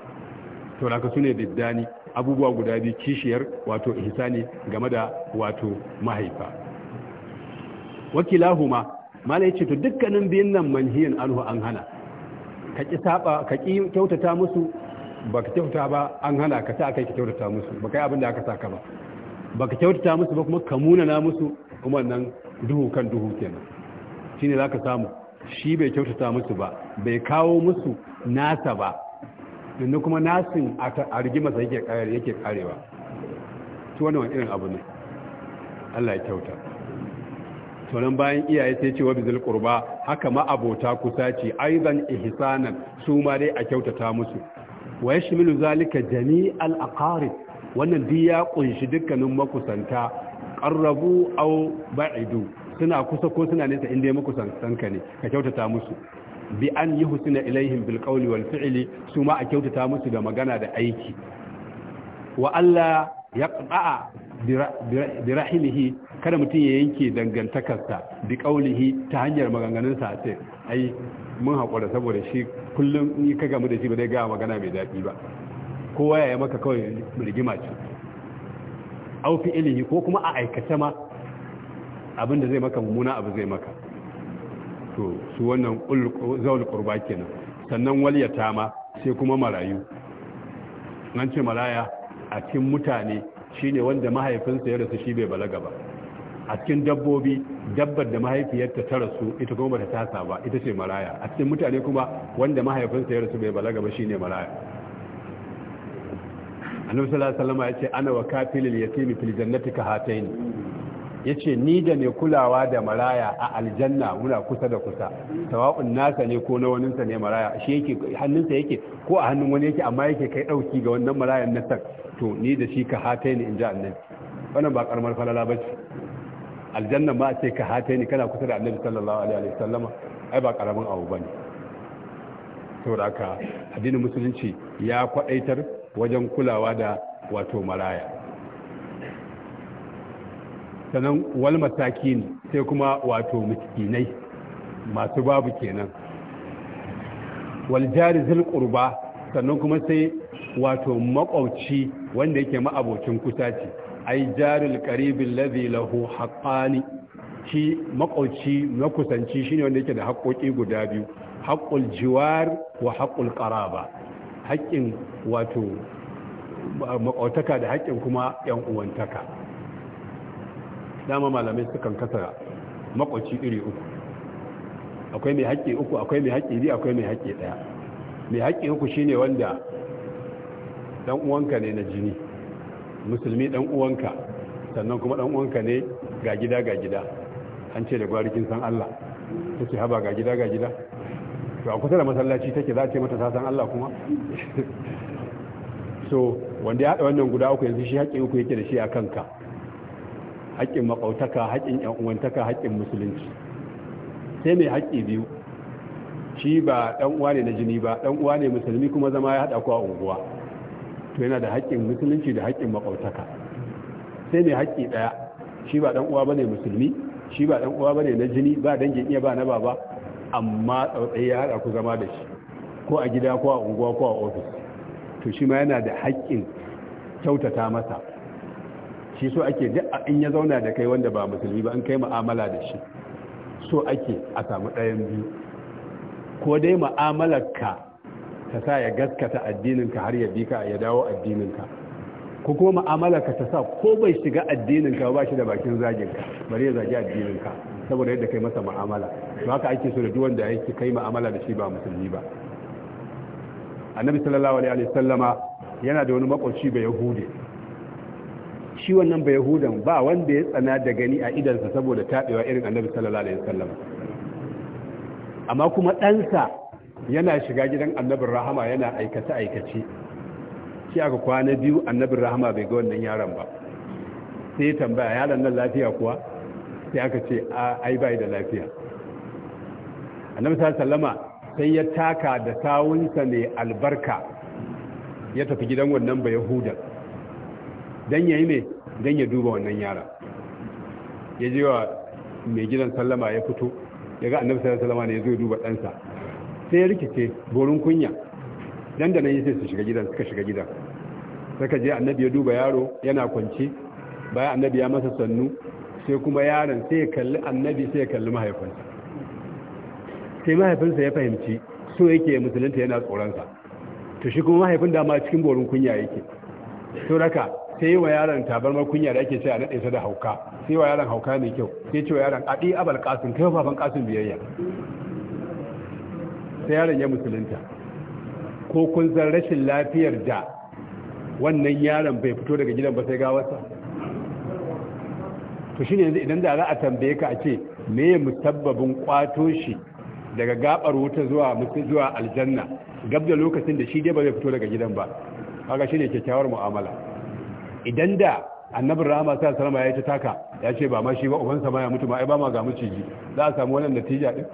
to laka su ne diddani abubuwa guda biyu kishiyar wato ihsani game da wato mahaifa wakilahuma malai ce to dukkanin biyun nan manhiyan anhu an hana ka ƙi saba ka ƙi kyautata musu baka kyauta ba an hana ka sa kai ka kyautata musu baka yi abin da aka saka ba baka kyautata musu ba kuma ka munana musu kuma nan duhu kan duhu kenan shine zaka samu shi bai kyautata musu ba bai kawo musu nasa ba inda kuma nasin a rigimarsa yake karewa Su wani wani irin abu ne Allah ya kyauta tonan bayan iyaye sai ce wa bizil qurba haka ma abota kusa ce aidan ihsanan su ma dai a kyautata musu wa shimilu zalika jami'al aqarib wannan duk ya ƙunshi dukkanin makusanta ƙarrabu au ba'idu suna kusa ko suna nesa inda ya makusanta ne ka kyautata musu bi an yi husina ilaihin bilkauli wal fi'ili su ma a kyautata musu da magana da aiki wa Allah ya ƙa'a bi rahilihi kada mutum ya yanke dangantakarsa bi qawlihi ta hanyar maganganunsa sai ai mun haƙura saboda shi kullum yi ka gamu da shi ba zai gaya magana mai daɗi ba kowa ya maka kawai rigima ce aufi ilimi ko kuma a aikace ma abin da zai maka mummuna abu zai maka to su wannan zaul qurba kenan sannan walyata ma sai kuma marayu nan ce maraya a cikin mutane shine wanda mahaifinsa ya rasu shi bai balaga ba a cikin dabbobi dabbar da mahaifiyarta ta rasu ita kuma bata tasa ba ita ce maraya a cikin mutane kuma wanda mahaifinsa ya rasu bai balaga ba shine maraya annabi sallallahu alaihi wasallam ya ce ana wa kafilil yatimi fil jannati ka hatayn yace ni da ne kulawa da maraya a aljanna muna kusa da kusa tawa'un nasa ne ko na waninsa ne maraya shi yake hannunsa yake ko a hannun wani yake amma yake kai dauki ga wannan marayan na to ni da shi ka hatayn in ji annabi wannan ba karamar falala bace aljanna ba ce ka hata ni kana kusa da annabi sallallahu alaihi wa sallam ai ba karamin abu bane da ka addinin musulunci ya kwadaitar wajen kulawa da wato maraya sannan wal masakin sai kuma wato miskinai masu babu kenan wal jari qurba sannan kuma sai wato makwauci wanda yake kusa kusaci ai jaril qaribin ladhi lahu haqqani shi makauci makusanci shine wanda yake da haƙoƙi guda biyu haƙul jiwar wa haƙul qaraba haƙƙin wato makautaka da haƙƙin kuma yan uwantaka dama malamai sukan kasa makauci iri uku akwai mai haƙƙi uku akwai mai haƙƙi biyu akwai mai haƙƙi ɗaya mai haƙƙi uku shine wanda dan uwanka ne na jini musulmi dan uwanka sannan kuma dan uwanka ne ga gida ga gida an ce da gwarikin san Allah take haba ga gida ga gida to a kusa da masallaci take za a ce mata san Allah kuma so wanda ya haɗa wannan guda uku yanzu shi haƙƙin uku yake da shi a kanka haƙƙin maƙautaka haƙƙin uwantaka haƙƙin musulunci sai mai haƙƙi biyu shi ba ɗan uwa ne na jini ba ɗan uwa ne musulmi kuma zama ya haɗa ku a unguwa to yana da haƙƙin musulunci da haƙƙin makautaka sai mai haƙƙi ɗaya shi ba ɗan uwa bane musulmi shi ba ɗan uwa bane na jini ba dangin iya ba na baba amma tsautsayi ya haɗa ku zama da shi ko a gida ko a unguwa ko a ofis to shi ma yana da haƙƙin kyautata masa shi so ake duk in ya zauna da kai wanda ba musulmi ba in kai mu'amala da shi so ake a samu ɗayan biyu ko dai mu'amalarka ta sa ya gaskata addininka har ya bi ka ya dawo addininka ko kuma mu'amalarka ta sa ko bai shiga addininka ba shi da bakin zaginka bari ya zagi addininka saboda yadda kai masa mu'amala to haka ake so da duk wanda yake kai mu'amala da shi ba musulmi ba annabi sallallahu alaihi wasallama yana da wani makoci ba yahudi shi wannan ba yahudan ba wanda ya tsana da gani a idansa saboda tabewa irin annabi sallallahu alaihi wasallama amma kuma ɗansa yana shiga gidan annabin rahama yana aikace aikace shi aka kwana biyu annabin rahama bai ga wannan yaron ba sai tambaya yaron nan lafiya kuwa sai aka ce ai bai da lafiya annabi sallama sai ya taka da sawunsa ne albarka ya tafi gidan wannan ba yahuda dan yayi ne dan ya duba wannan yaron ya je wa mai gidan sallama ya fito ya ga annabi sallama ne ya zo duba ɗansa sai ya rikice borin kunya dan da nan yi sai su shiga gidan suka shiga gidan suka je annabi ya duba yaro yana kwance bayan annabi ya masa sannu sai kuma yaron sai ya kalli annabi sai ya kalli mahaifinsa sai mahaifinsa ya fahimci so yake musulunta yana tsoronsa to shi kuma mahaifin dama cikin borin kunya yake to raka sai yi wa yaron tabarmar kunya da ake ce a naɗe da hauka sai wa yaron hauka mai kyau sai ce wa yaron aɗi abal kasin kai fafan kasin biyayya sai yaron ya musulunta ko kun san rashin lafiyar da wannan yaron bai fito daga gidan ba sai ga wasa to shi yanzu idan da za a tambaye ka a ce me meye musabbabin kwato shi daga gabar wuta zuwa mutu zuwa aljanna gab da lokacin da shi dai ba zai fito daga gidan ba haka ne kyakkyawar mu'amala idan da annabin rahama sa salama ya ta taka ya ce ba ma shi ba ubansa ma ya mutu ma ai ba ma ga muciji za a samu wannan natija din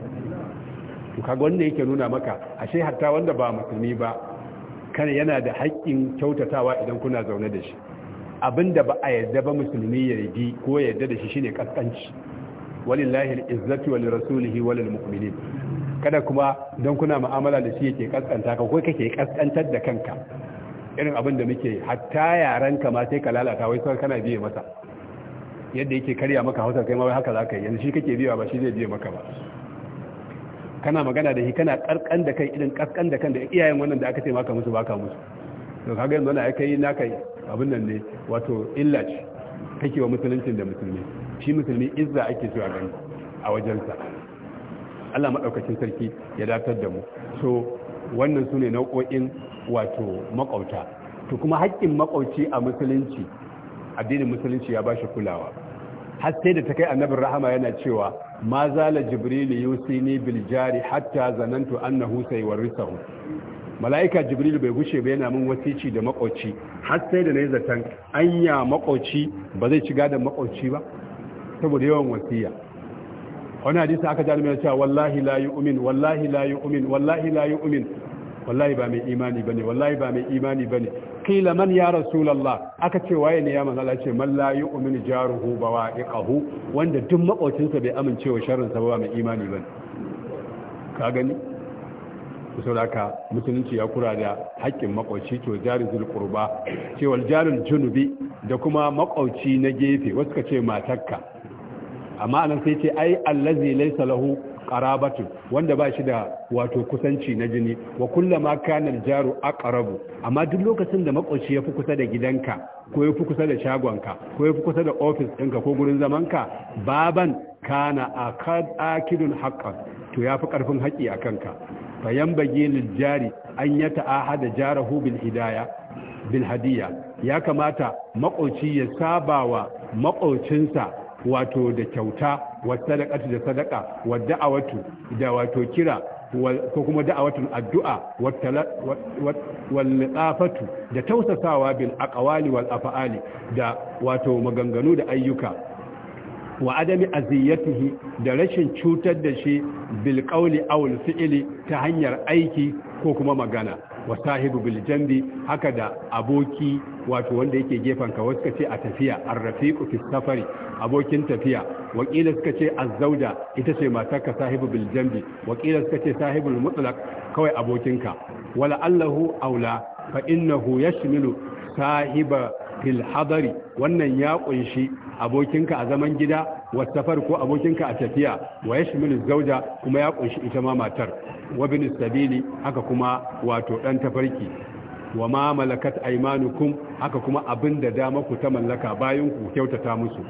to kaga wanda yake nuna maka ashe hatta wanda ba musulmi ba kan yana da haƙƙin kyautatawa idan kuna zaune da shi abinda ba a yarda ba musulmi ya yi ko ya yarda da shi shine kaskanci walillahi al-izzati wa lirasulihi wa lilmu'minin kada kuma don kuna mu'amala da shi yake kaskanta ka ko kake kaskantar da kanka irin abin da muke hatta yaran ka ma sai ka lalata wai sai kana biye masa yadda yake karya maka hausa kai ma wai haka zaka yi yanzu shi kake biya ba shi zai biye maka ba kana magana da shi kana karkan da kai irin karkan da kan da iyayen wannan da aka ce maka musu baka musu to kaga yanzu wannan kai na kai abin nan ne wato illa ce kake wa musuluncin da musulmi shi musulmi izza ake so a gani a wajensa Allah madaukakin sarki ya datar da mu so wannan sune nau'o'in wato makauta to kuma haƙƙin makauci a musulunci addinin musulunci ya bashi kulawa har sai da ta kai annabin rahama yana cewa ma zala jibril yusini bil jari hatta zanantu annahu sayawrisahu malaika Jibrilu bai gushe ba yana min wasici da makoci har sai da nayi zatan anya makoci ba zai shiga da makoci ba saboda yawan wasiya wani hadisi aka jami ya ce wallahi la yu'min wallahi la yu'min wallahi la yu'min wallahi ba mai imani bane wallahi ba mai imani bane qila man ya rasulullah aka ce waye ne ya manzala ce man la yu'minu jaruhu bawa'iqahu wanda duk makocinsa bai amince wa sharrin sa ba mai imani ba ka gani saboda musulunci ya kura da haƙƙin makwauci to jari zul qurba ce wal jarul junubi da kuma makwauci na gefe wasu ka ce matakka amma anan sai ce ai allazi laysa lahu qarabatun wanda ba shi da wato kusanci na jini wa kullama kana aljaru jaru aqrabu amma duk lokacin da makoci ya fi kusa da gidanka ko ya fi kusa da shagonka ko ya fi kusa da ofis ɗinka ko gurin zamanka baban kana aqad akidun haqqan to ya fi karfin haƙi a kanka fayan bage jari an ya ta'ahada jarahu bil hidaya bil hadiya ya kamata makoci ya sabawa makocinsa wato da kyauta wa da sadaqa wa da'awatu da wato kira ko kuma da'awatun addu'a wal liqafatu da tausasawa bil aqwali wal af'ali da wato maganganu da ayyuka wa adami aziyatihi da rashin cutar da shi bil qawli aw al fi'li ta hanyar aiki ko kuma magana wa sahibu bil jambi haka da aboki wato wanda yake gefen ka wasu ce a tafiya arrafiku fi safari abokin tafiya wakila suka ce azzauda ita ce matarka sahibu bil jambi wakila suka ce sahibul mutlaq kawai abokinka wala allahu aula fa innahu yashmilu sahiba fil hadari wannan ya kunshi abokinka a zaman gida wa safar ko abokinka a tafiya wa yashmilu zauja kuma ya kunshi ita ma matar wa bin sabili haka kuma wato dan tafarki wa ma malakat aymanukum haka kuma abinda dama ku ta mallaka bayan ku kyautata musu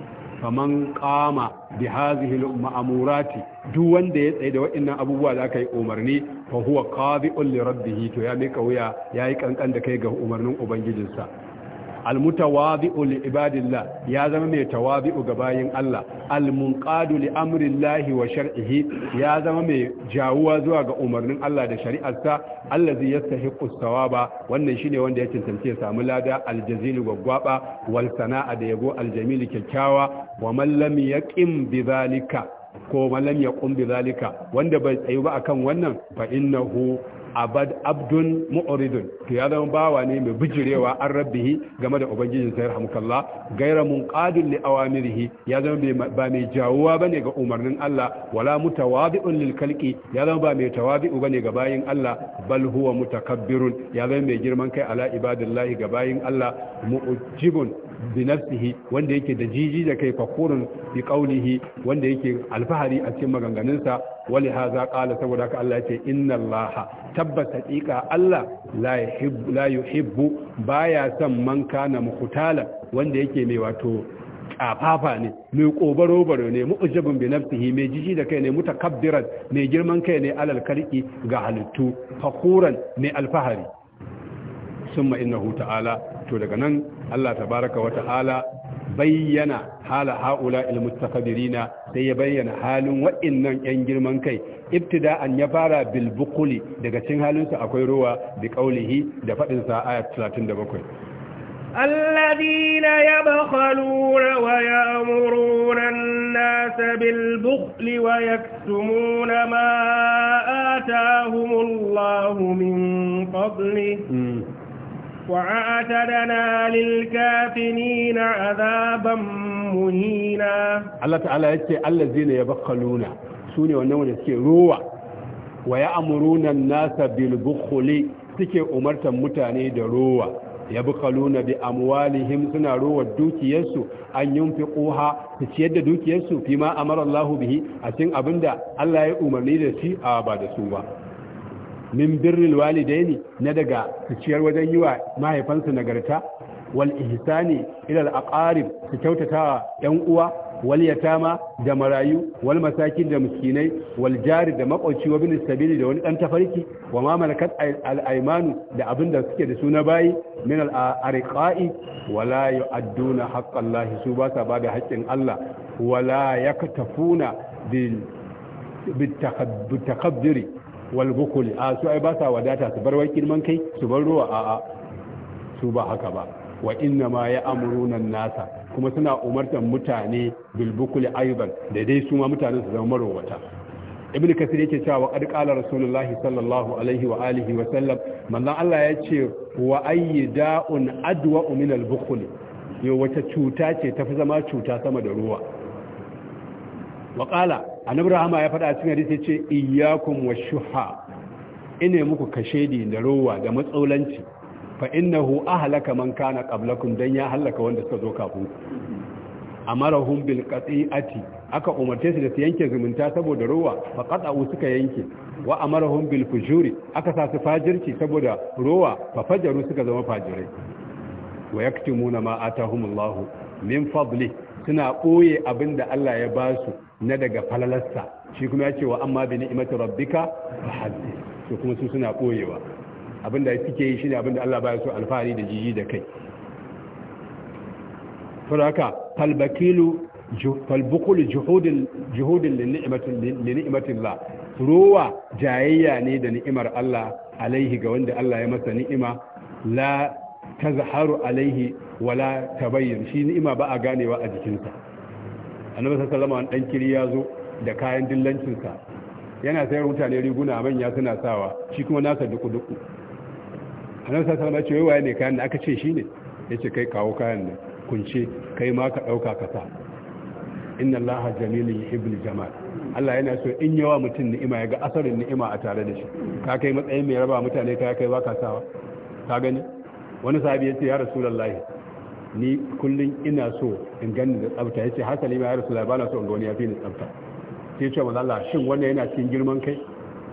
faman qama bi hadhihi ma'amurati duk wanda ya tsaye da waɗannan abubuwa za aka yi umarni fa huwa qadi'un li rabbih to ya mika wuya yayi kankan da kai ga umarnin ubangijinsa almutawadhi'u li ibadillah ya zama mai tawadhi'u ga bayin Allah almunqadu li amrillahi wa shar'ihi ya zama mai jawuwa zuwa ga umarnin Allah da shari'arsa allazi yastahiqu thawaba wannan shine wanda ya cancanci ya samu lada aljazil gwaggwaba wal sana'a da yabo aljamil kyakkyawa wa man lam yaqim ko man lam wanda bai tsayu ba akan wannan fa innahu abad abdun mu'ridun to ya zama bawa ne mai bijirewa an rabbihi game da ubangijin sai yarhamukallah gaira munqadin li awamirihi ya zama ba mai jawuwa bane ga umarnin Allah wala mutawadi'un lil khalqi ya zama ba mai tawadi'u bane ga bayin Allah bal huwa mutakabbirun ya zama mai girman kai ala ibadillahi ga bayin Allah mu'jibun Binafsihi wanda yake da jiji da kai fakurun bi qaulihi wanda yake alfahari a cikin maganganunsa wali haza qala saboda ka Allah yace inna Allah tabbas haqiqa Allah la yuhibbu la yuhibbu baya san man kana muhtala wanda yake mai wato kafafa ne mai kobaro baro ne mu'jabun bi mai jiji da kai ne mutakabbiran mai girman kai ne alal karki ga halittu fakuran mai alfahari summa innahu ta'ala to daga nan Allah tabaraka wa ta'ala bayyana hala haula Kabirina, sai ya bayyana halin waɗannan yan girman kai ibtida'an ya fara bil buquli daga cikin halinsa akwai ruwa bi qaulihi da fadin sa ayat 37 الذين يبخلون ويأمرون الناس بالبخل ويكتمون ما آتاهم الله من فضله وأعتدنا للكافرين عذابا مهينا الله تعالى يتي الذين يبخلون سوني ونون يتي روى ويأمرون الناس بالبخل suke umartar mutane da rowa ya bukaluna bi amwalihim suna rowa dukiyarsu an yin fi su ciyar da dukiyarsu fima ma amara bihi a cikin abinda Allah ya umarni da shi ba da su ba min birril walidaini na daga su ciyar wajen yi wa mahaifansu nagarta wal ihsani ila al aqarib su kyautatawa yan uwa wal yatama da marayu wal masakin da miskinai wal jari da makwaci wa bin sabili da wani dan tafarki wa ma malakat al aymanu da abinda suke da suna bayi min al arqai wala yu'adduna haqqallahi su ba sa ba da haƙƙin Allah wala yaktafuna bil bitakabbiri wal bukuli a su ai ba sa wadata su bar girman kai su bar ruwa a a su ba haka ba wa inna ma ya amurunan nasa kuma suna umartar mutane bil ayuban da dai su ma su zama marowata ibn kasir yake cewa wa qad qala rasulullahi sallallahu alaihi wa alihi wa sallam manzon Allah ya ce wa ayyida'un adwa min al yo wata cuta ce tafi zama cuta sama da ruwa wa qala annabi rahama ya faɗa cikin hadisi ce iyyakum washuha ine muku kashedi da rowa da matsaulanci fa innahu ahlaka man kana qablakum dan ya halaka wanda suka zo kafin ku amarahum bil qati'ati aka umarce su da su yanke zumunta saboda rowa fa qata'u suka yanke wa amarahum bil fujuri aka sa su fajirci saboda rowa fa fajaru suka zama fajirai wa yaktumuna ma atahumullahu min fadli suna koye abinda Allah ya ba su na daga falalarsa shi kuma ya ce wa amma bi ni'imati rabbika fahaddith to kuma su suna koyewa abinda suke yi shine abinda Allah baya so alfahari da jiji da kai saboda falbakilu falbukul juhudin juhudin li ni'matin Allah ruwa jayayya ne da ni'imar Allah alaihi ga wanda Allah ya masa ni'ima la tazharu alaihi wala tabayyin shi ni'ima ba a ganewa a jikinsa annabi sallallahu alaihi dan kiri ya zo da kayan dillancinsa yana sayar mutane riguna manya suna sawa shi kuma nasa duku duku annabi sallallahu alaihi ce waye ne kayan da aka ce shine yace kai kawo kayan nan kunce kai ma ka dauka ka sa inna allaha jamilun yuhibbul jamal Allah yana so in yawa mutum ni'ima ya ga asarin ni'ima a tare da shi ka kai matsayin mai raba mutane ka kai baka sawa ka gani wani sahabi yace ya rasulullahi ni kullum ina so in gani da tsafta ya ce hasali ma ya rasu da bana so in gani ya fi ni tsafta sai ce maza Allah shin wannan yana cikin girman kai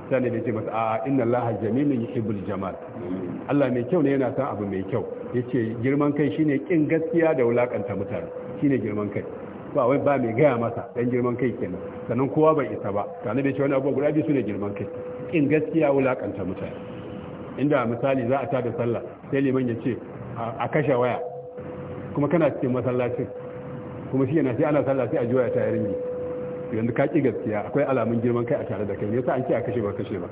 Sani da ce masa a inna Allah jamilin yuhibbul jamal Allah mai kyau ne yana son abu mai kyau Ya ce girman kai shine kin gaskiya da wulakanta mutane shine girman kai ba wai ba mai gaya masa dan girman kai kenan sannan kowa bai isa ba Sani da ce wani abu guda biyu su ne girman kai kin gaskiya wulakanta mutane inda misali za a tada sallah sai liman ya ce a kashe waya kuma kana cikin masallacin kuma shi yana sai ana sallaci a juya ta yarinji yanzu ka ki gaskiya akwai alamun girman kai a tare da kai ne yasa an ce a kashe ba kashe ba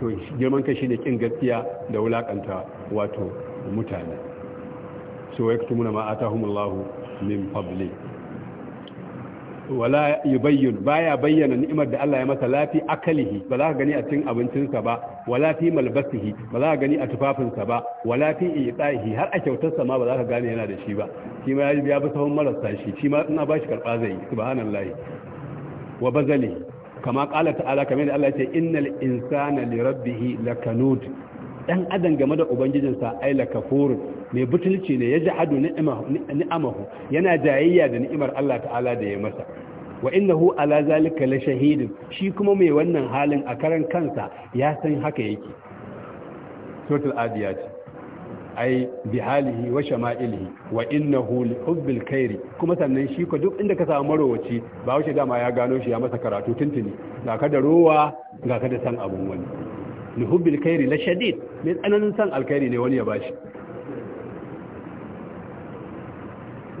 to girman kai shine kin gaskiya da wulakanta wato mutane so yaktumuna ma atahumullahu min fadli wala yubayyin baya bayyana ni'imar da Allah ya masa lafi akalihi ba za ka gani a cikin abincinsa ba wala fi malbasihi ba za ka gani a tufafinsa ba wala fi iqaihi har a kyautarsa ma ba za ka gane yana da shi ba shi ma ya bi sahun marasa shi shi ma ina bashi karba zai subhanallahi wa bazalihi kama qala ta'ala kamar da Allah ya ce innal insana li rabbihi lakanud dan adam game da ubangijinsa aila kafurun mai butulci ne ya ji hadu ni'amahu yana jayayya da ni'imar Allah ta'ala da ya masa wa innahu ala zalika la shahidin shi kuma mai wannan halin a karan kansa ya san haka yake total adiyat ai bi halihi wa shama'ilihi wa innahu li hubbil khairi kuma sannan shi ko duk inda ka samu marowaci ba wuce dama ya gano shi ya masa karatu tuntuni ga ka da rowa ga ka da san abun wani Nuhu Bilkairi na la shadid mai tsananin san Alkairi ne wani ya bashi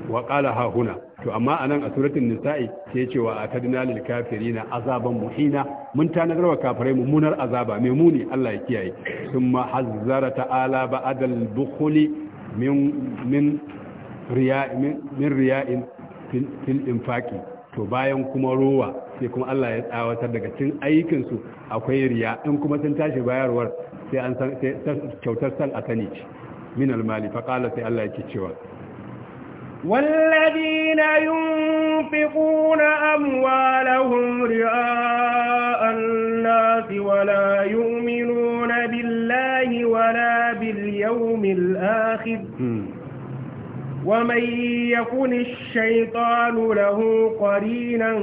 wa qala hahuna to amma a nan a suratul nisa'i sai ce a tadina lil kafirina azaban muhina mun tanadar wa kafirai mummunar azaba mai muni Allah ya kiyaye thumma hazzara ta'ala ba'dal bukhli min min riya riya'in fil to bayan kuma rowa sai kuma Allah ya tsawatar daga cin aikinsu akwai riya in kuma sun tashi bayarwar sai an san kyautar san a sani ce min almali fa qala sai Allah yake cewa والذين ينفقون أموالهم رئاء الناس ولا يؤمنون بالله ولا باليوم الآخر ومن يكن الشيطان له قرينا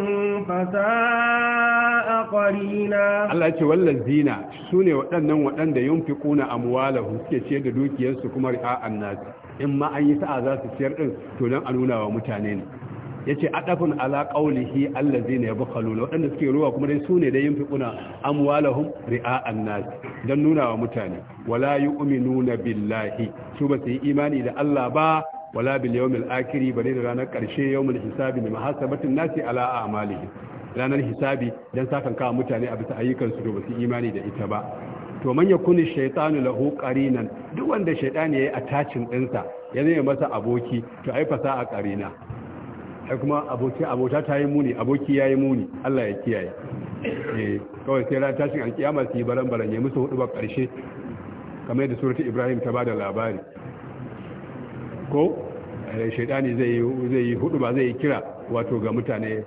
فساء قرينا الله يقول والذين سوني waɗannan waɗanda yunfiquna amwalahum suke ciyar da dukiyarsu kuma ri'a'an nas in ma an yi sa'a za su ciyar din to dan a nuna wa mutane ne yace adafun ala qawlihi allazina yabkhaluna waɗanda suke ruwa kuma dai sune da yunfiquna amwalahum ri'a'an nas dan nuna wa mutane wala yu'minuna billahi su ba su yi imani da Allah ba wala bil yawmil akhiri bare da ranar karshe yawmul hisabi bi mahasabatin nasi ala a'malihim ranar hisabi dan sakan kawo mutane a bisa ayyukan su da basu imani da ita ba to man yakuni shaytanu lahu qarinan duk wanda shaytani yayi attaching sa ya zai masa aboki to ai fasa a qarina ai kuma aboki abota ta yi muni aboki yayi muni Allah ya kiyaye eh kawai sai ran tashin alkiyama su yi baran baran ya musu hudu ba karshe kamar yadda surati ibrahim ta bada labari ko eh, shaidani zai yi hudu ba zai yi kira wato ga mutane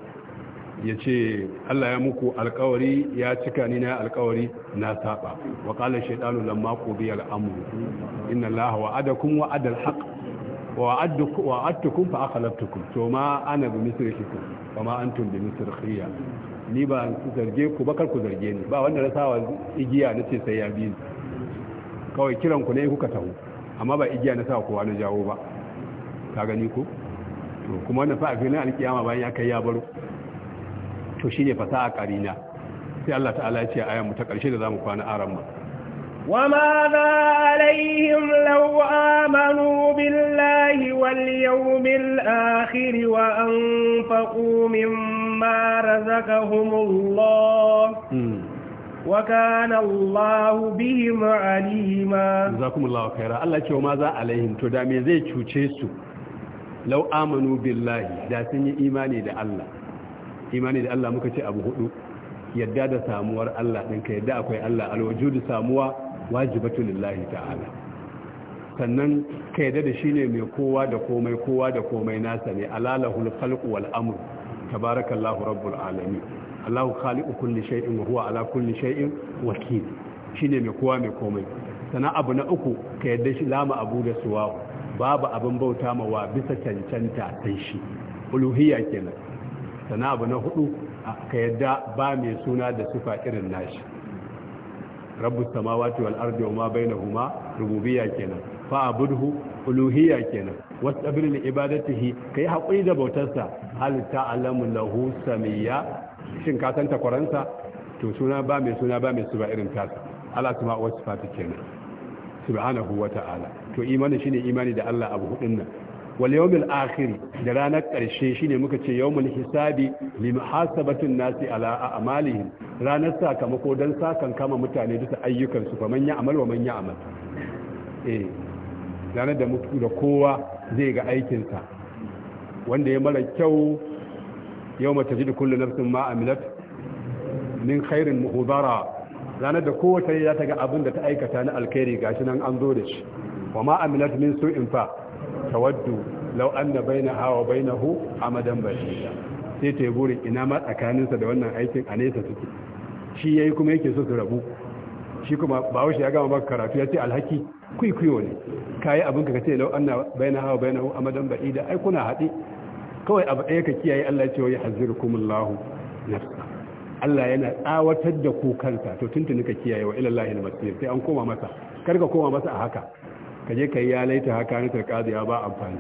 ya ce Allah ya muku alkawari ya cika ni na alkawari na saba wa qala shaytanu lamma biyar al-amr inna wa adakun wa adal haq wa adakun fa aka laftukun to ma ana bi misrikum ba ma antum bi khiyya ni ba zarge ku ba ku zarge ni ba wanda na sawa igiya na ce sai ya bi kawai kiran ku ne kuka tahu amma ba igiya na sawa kowa na jawo ba ka gani ko to kuma wannan fa a filin alkiyama bayan ya kai ya baro to shine fasaha karina sai Allah ta'ala ya ce ayan mu ta karshe da zamu kwana aran ma وماذا عليهم لو آمنوا بالله واليوم الآخر وأنفقوا مما رزقهم الله وكان الله بهم عليما جزاكم الله خيرا الله to da me zai cuce su. lau amanu billahi da sun yi imani da Allah imani da Allah muka ce abu hudu yadda da samuwar Allah ɗinka yadda akwai Allah alwajudu samuwa wajibatu lillahi ta'ala sannan ka yadda da shine mai kowa da komai kowa da komai nasa ne alalahul khalqu wal amr tabarakallahu rabbul alamin Allahu khaliqu kulli shay'in wa huwa ala kulli shay'in wakil shine mai kowa mai komai sannan abu na uku ka yadda shi lama abu da suwawu babu abin bauta mawa bisa cancanta ta shi uluhiyya kenan sana abu na hudu ka yadda ba mai suna da sifa irin nashi samawa samawati wal arzi wa ma huma rububiyya kenan fa abudhu uluhiyya kenan wasabir li ibadatihi yi hakuri da bautarsa hal alamun, lahu samiyya shin ka san takwaransa to suna ba mai suna ba mai sifa irin tasa ala kuma wasu fati kenan subhanahu wa ta'ala to imani shine imani da Allah abu hudun nan wal yawmil akhir da ranar karshe shine muka ce yawmul hisabi li muhasabatin nasi ala a'malihim ranar sakamako dan sakan kama mutane duka ayyukan su faman ya amal wa man ya amal eh ranar da mutu da kowa zai ga aikin sa wanda ya mara kyau yawma tajidu kullu nafsin ma amilat min khairin muhdara ranar da kowace ya ta ga abin da ta aikata na alkhairi shi nan an zo da shi wa ma amilat min su'in fa tawaddu law anna bainaha wa bainahu amadan bashiya sai ta yi ina ma tsakaninsa da wannan aikin a nesa suke shi yayi kuma yake so su rabu shi kuma ba wuce ya gama maka karatu ya ce alhaki kwikwiyo ne kayi abin ka ce lau anna bainaha wa bainahu amadan ba'ida ai kuna haɗe kawai abu ɗaya ka kiyaye Allah ya ce wa yahzirukumullahu nafsa Allah yana tsawatar da ku to tuntuni ka kiyaye wa ilallahi al-masir sai an koma masa kar ka koma masa a haka ka je kai ya laita haka ni tarqadi ya ba amfani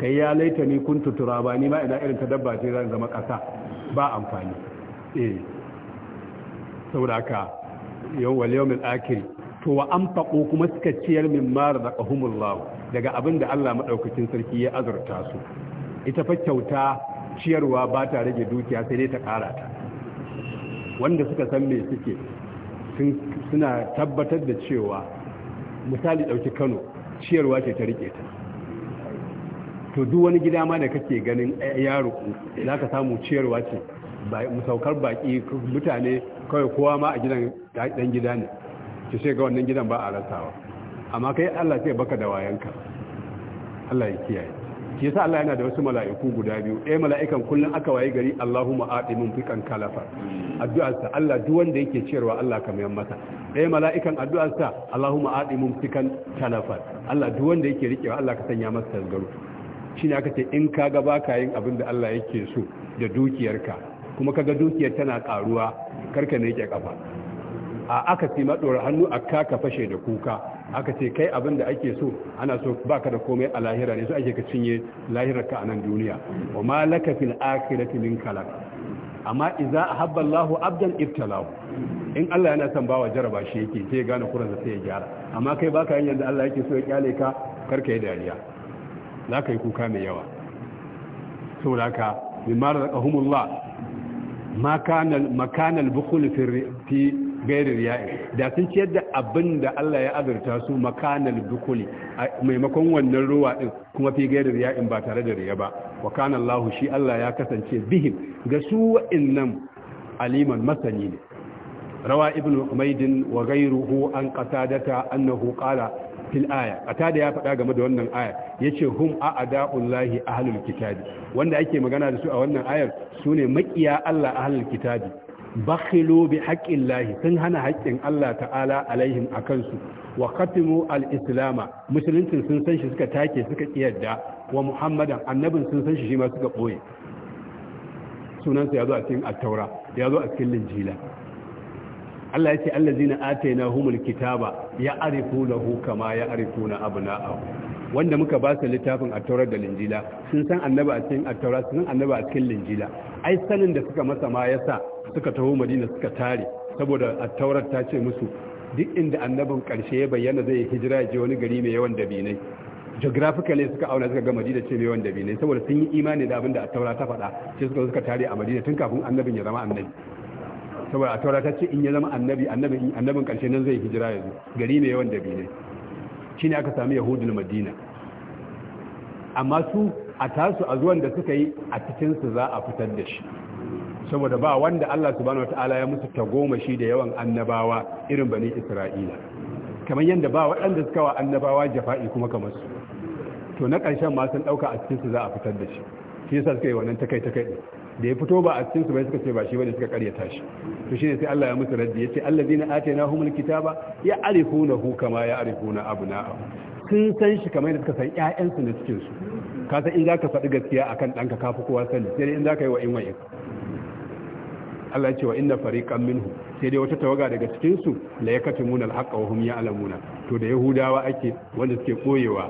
kai ya laita ni kuntu turaba ni ma ina irin ta dabba ce zan zama kasa ba amfani eh saboda haka yau wal al akhir to wa anfaqu kuma suka ciyar min ma razaqahumullah daga abin da Allah madaukakin sarki ya azurta su ita fa kyauta ciyarwa ba ta rage dukiya sai dai ta karata ta wanda suka san me suke suna tabbatar da cewa misali ɗauki kano ciyarwa ce ta rike ta to duk wani gida ma da kake ganin eh, yaro za ka samu ciyarwa ce musaukar baki mutane kawai kowa ma a gidan ɗan gida ne ki sai ga wannan gidan ba a rasawa amma kai allah sai baka da wayanka allah ya kiyaye shi yasa Allah yana da wasu mala'iku guda biyu ɗaya mala'ikan kullum aka waye gari Allahumma aati min fiqan kalafa addu'arsa Allah duk wanda yake cewa Allah ka mayan masa ɗaya mala'ikan addu'arsa Allahumma aati min fiqan talafa Allah duk wanda yake rikewa Allah ka sanya masa tasgaru shine aka ce in ka ga baka yin abin da Allah yake so da dukiyarka kuma kaga dukiyar tana karuwa karka ne yake kafa a aka ce madora hannu a ka fashe da kuka aka ce kai abin da ake so ana so baka da komai a lahira ne so ake ka cinye lahirar ka a nan duniya wa ma laka fil akhirati min kalak amma idza ahabba Allahu abdan ibtalahu in Allah yana son bawa jaraba shi yake sai gane kuransa sai ya gyara amma kai baka yin yanda Allah yake so ya kyale ka kar yi dariya za ka yi kuka mai yawa saboda ka mimma razaqahumullah makanal makanal bukhul fi gairar ya'i da sun ciyar da abin da Allah ya azurta su makanal dukuli maimakon wannan ruwa din kuma fi gairar ya'in ba tare da riya ba wa kana Allah shi Allah ya kasance bihim ga su wa'annan aliman masani ne rawa ibn umaydin wa ghayruhu an qatadata annahu qala fil aya qatada ya faɗa game da wannan aya yace hum a'da'ullahi ahlul kitabi wanda ake magana da su a wannan ayar sune makiya Allah ahlul kitabi bakhilu bi haƙƙin sun hana haƙƙin Allah ta'ala alaihim a kansu wa katimu al-islama musuluncin sun san shi suka take suka kiyarda wa muhammadan annabin sun san shi shi ma suka ɓoye sunansa ya zo a cikin attaura ya zo a cikin linjila Allah ya ce allazina atainahumul kitaba ya arifu lahu kama ya na abu wanda muka ba su littafin a taurar da linjila sun san annaba a cikin attaura sun san annaba a cikin linjila ai sanin da suka masa ma yasa suka taho madina suka tare saboda taurar ta ce musu duk inda annabin karshe ya bayyana zai hijira ya je wani gari mai yawan dabinai geographically suka auna suka ga madina ce mai yawan dabinai saboda sun yi imani da abin da taura ta faɗa sai suka suka tare a madina tun kafin annabin ya zama annabi saboda a taurar ta ce in ya zama annabi annabin annabin karshe nan zai hijira ya zo gari mai yawan dabinai ne aka sami yahudul madina amma su a tasu a zuwan da suka yi a cikinsu za a fitar da shi saboda ba wanda Allah subhanahu wataala ya musu shi da yawan annabawa irin bani Isra'ila kamar yadda ba waɗanda suka wa annabawa jafa'i kuma kamar su to na ƙarshen ma ɗauka a cikinsu za a fitar da shi shi yasa suka yi wannan takai takai da ya fito ba a cikin su bai suka ce ba shi bane suka karyata shi to shine sai Allah ya musu raddi yace allazina atainahumul kitaba ya ya'rifunahu kama arifuna abna'ahum sun san shi kamar yadda suka san ƴaƴansu na cikin su ka san in zaka faɗi gaskiya akan ka fi kowa sani sai dai in zaka yi wa in wa'in Allah ya ce wa inna fariqan minhu sai dai wata tawaga daga cikin su la yakatumuna al wa hum ya'lamuna to da yahudawa ake wanda suke koyewa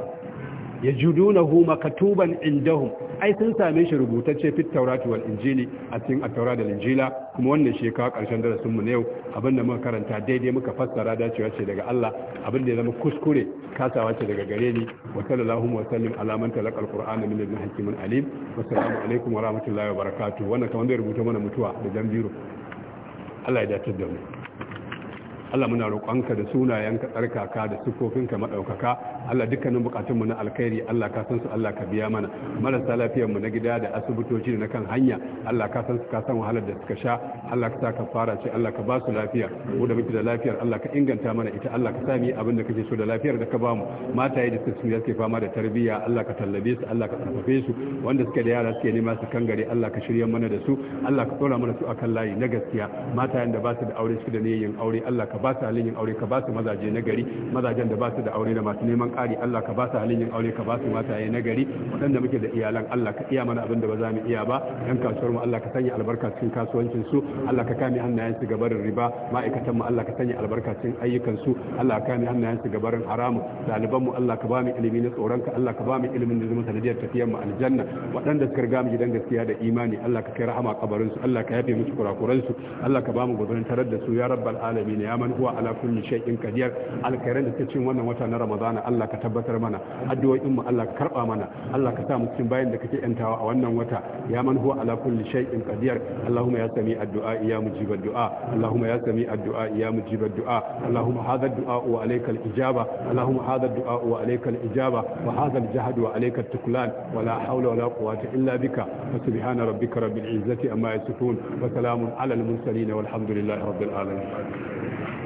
yajidunahu makatuban indahum ai sun same shi rubutacce fit taurati wal injili a cikin at-taura da injila kuma wannan shi karshen darasin mu ne yau abinda muka karanta daidai muka fassara dacewa ce daga Allah abinda ya zama kuskure kasawa ce daga gare ni wa sallallahu wa sallim ala man talaqa al min ibn hakimin alim wa assalamu alaikum wa rahmatullahi wa barakatuh wannan kamar zai rubuta mana mutuwa da jambiro Allah ya dace da mu Allah muna roƙonka da sunayenka tsarkaka da sufofinka maɗaukaka Allah dukkanin buƙatunmu na alkhairi Allah ka san su Allah ka biya mana marasa lafiyarmu na gida da asibitoci da na kan hanya Allah ka san su ka san wahalar da suka sha Allah ka sa ka fara ce Allah ka ba su lafiya mu da muke da lafiyar Allah ka inganta mana ita Allah ka sami abin da kake so da lafiyar da ka ba mu mataye da su suke suke fama da tarbiyya Allah ka tallabe su Allah ka karfafe su wanda suke da yara suke nema su gare Allah ka shirya mana da su Allah ka tsora mana su akan layi na gaskiya matayen da ba su da aure su da niyyar aure Allah ka ba su halin yin aure ka ba su mazaje na gari mazajen da ba su da aure da masu neman ƙari Allah ka ba su halin yin aure ka ba su mataye na gari waɗanda muke da iyalan Allah ka iya mana abin da ba za mu iya ba ɗan kasuwar mu Allah ka sanya albarka cikin kasuwancin su Allah ka kame hannayen su gabarin riba ma'aikatan mu Allah ka sanya albarka cikin ayyukan su Allah ka kame hannayen su gabarin haramu daliban mu Allah ka ba mu ilimi na tsoron ka Allah ka ba mu ilimin da zama sanadiyar tafiyar mu aljanna waɗanda suka riga mu gidan gaskiya da imani Allah ka kai rahama kabarin su Allah ka yafe musu kurakuran su Allah ka ba mu gudunar tarar da su ya rabbal alamin ya innahu huwa ala kulli shay'in qadir alkhairan da take cin wannan wata na ramadana Allah ka tabbatar mana addu'o'in mu Allah ka karba mana Allah ka sa mu cikin bayan da kake yantawa a wannan wata ya man huwa ala kulli shay'in qadir Allahumma ya sami addu'a ya mujib addu'a Allahumma ya sami addu'a ya mujib addu'a Allahumma hadha addu'a wa alayka al-ijaba Allahumma hadha addu'a wa alayka al-ijaba wa hadha al wa alayka at-tuklan wa la hawla wa la quwwata illa bika subhana rabbika rabbil izzati amma yasifun wa salamun ala al-mursalin والحمد لله رب العالمين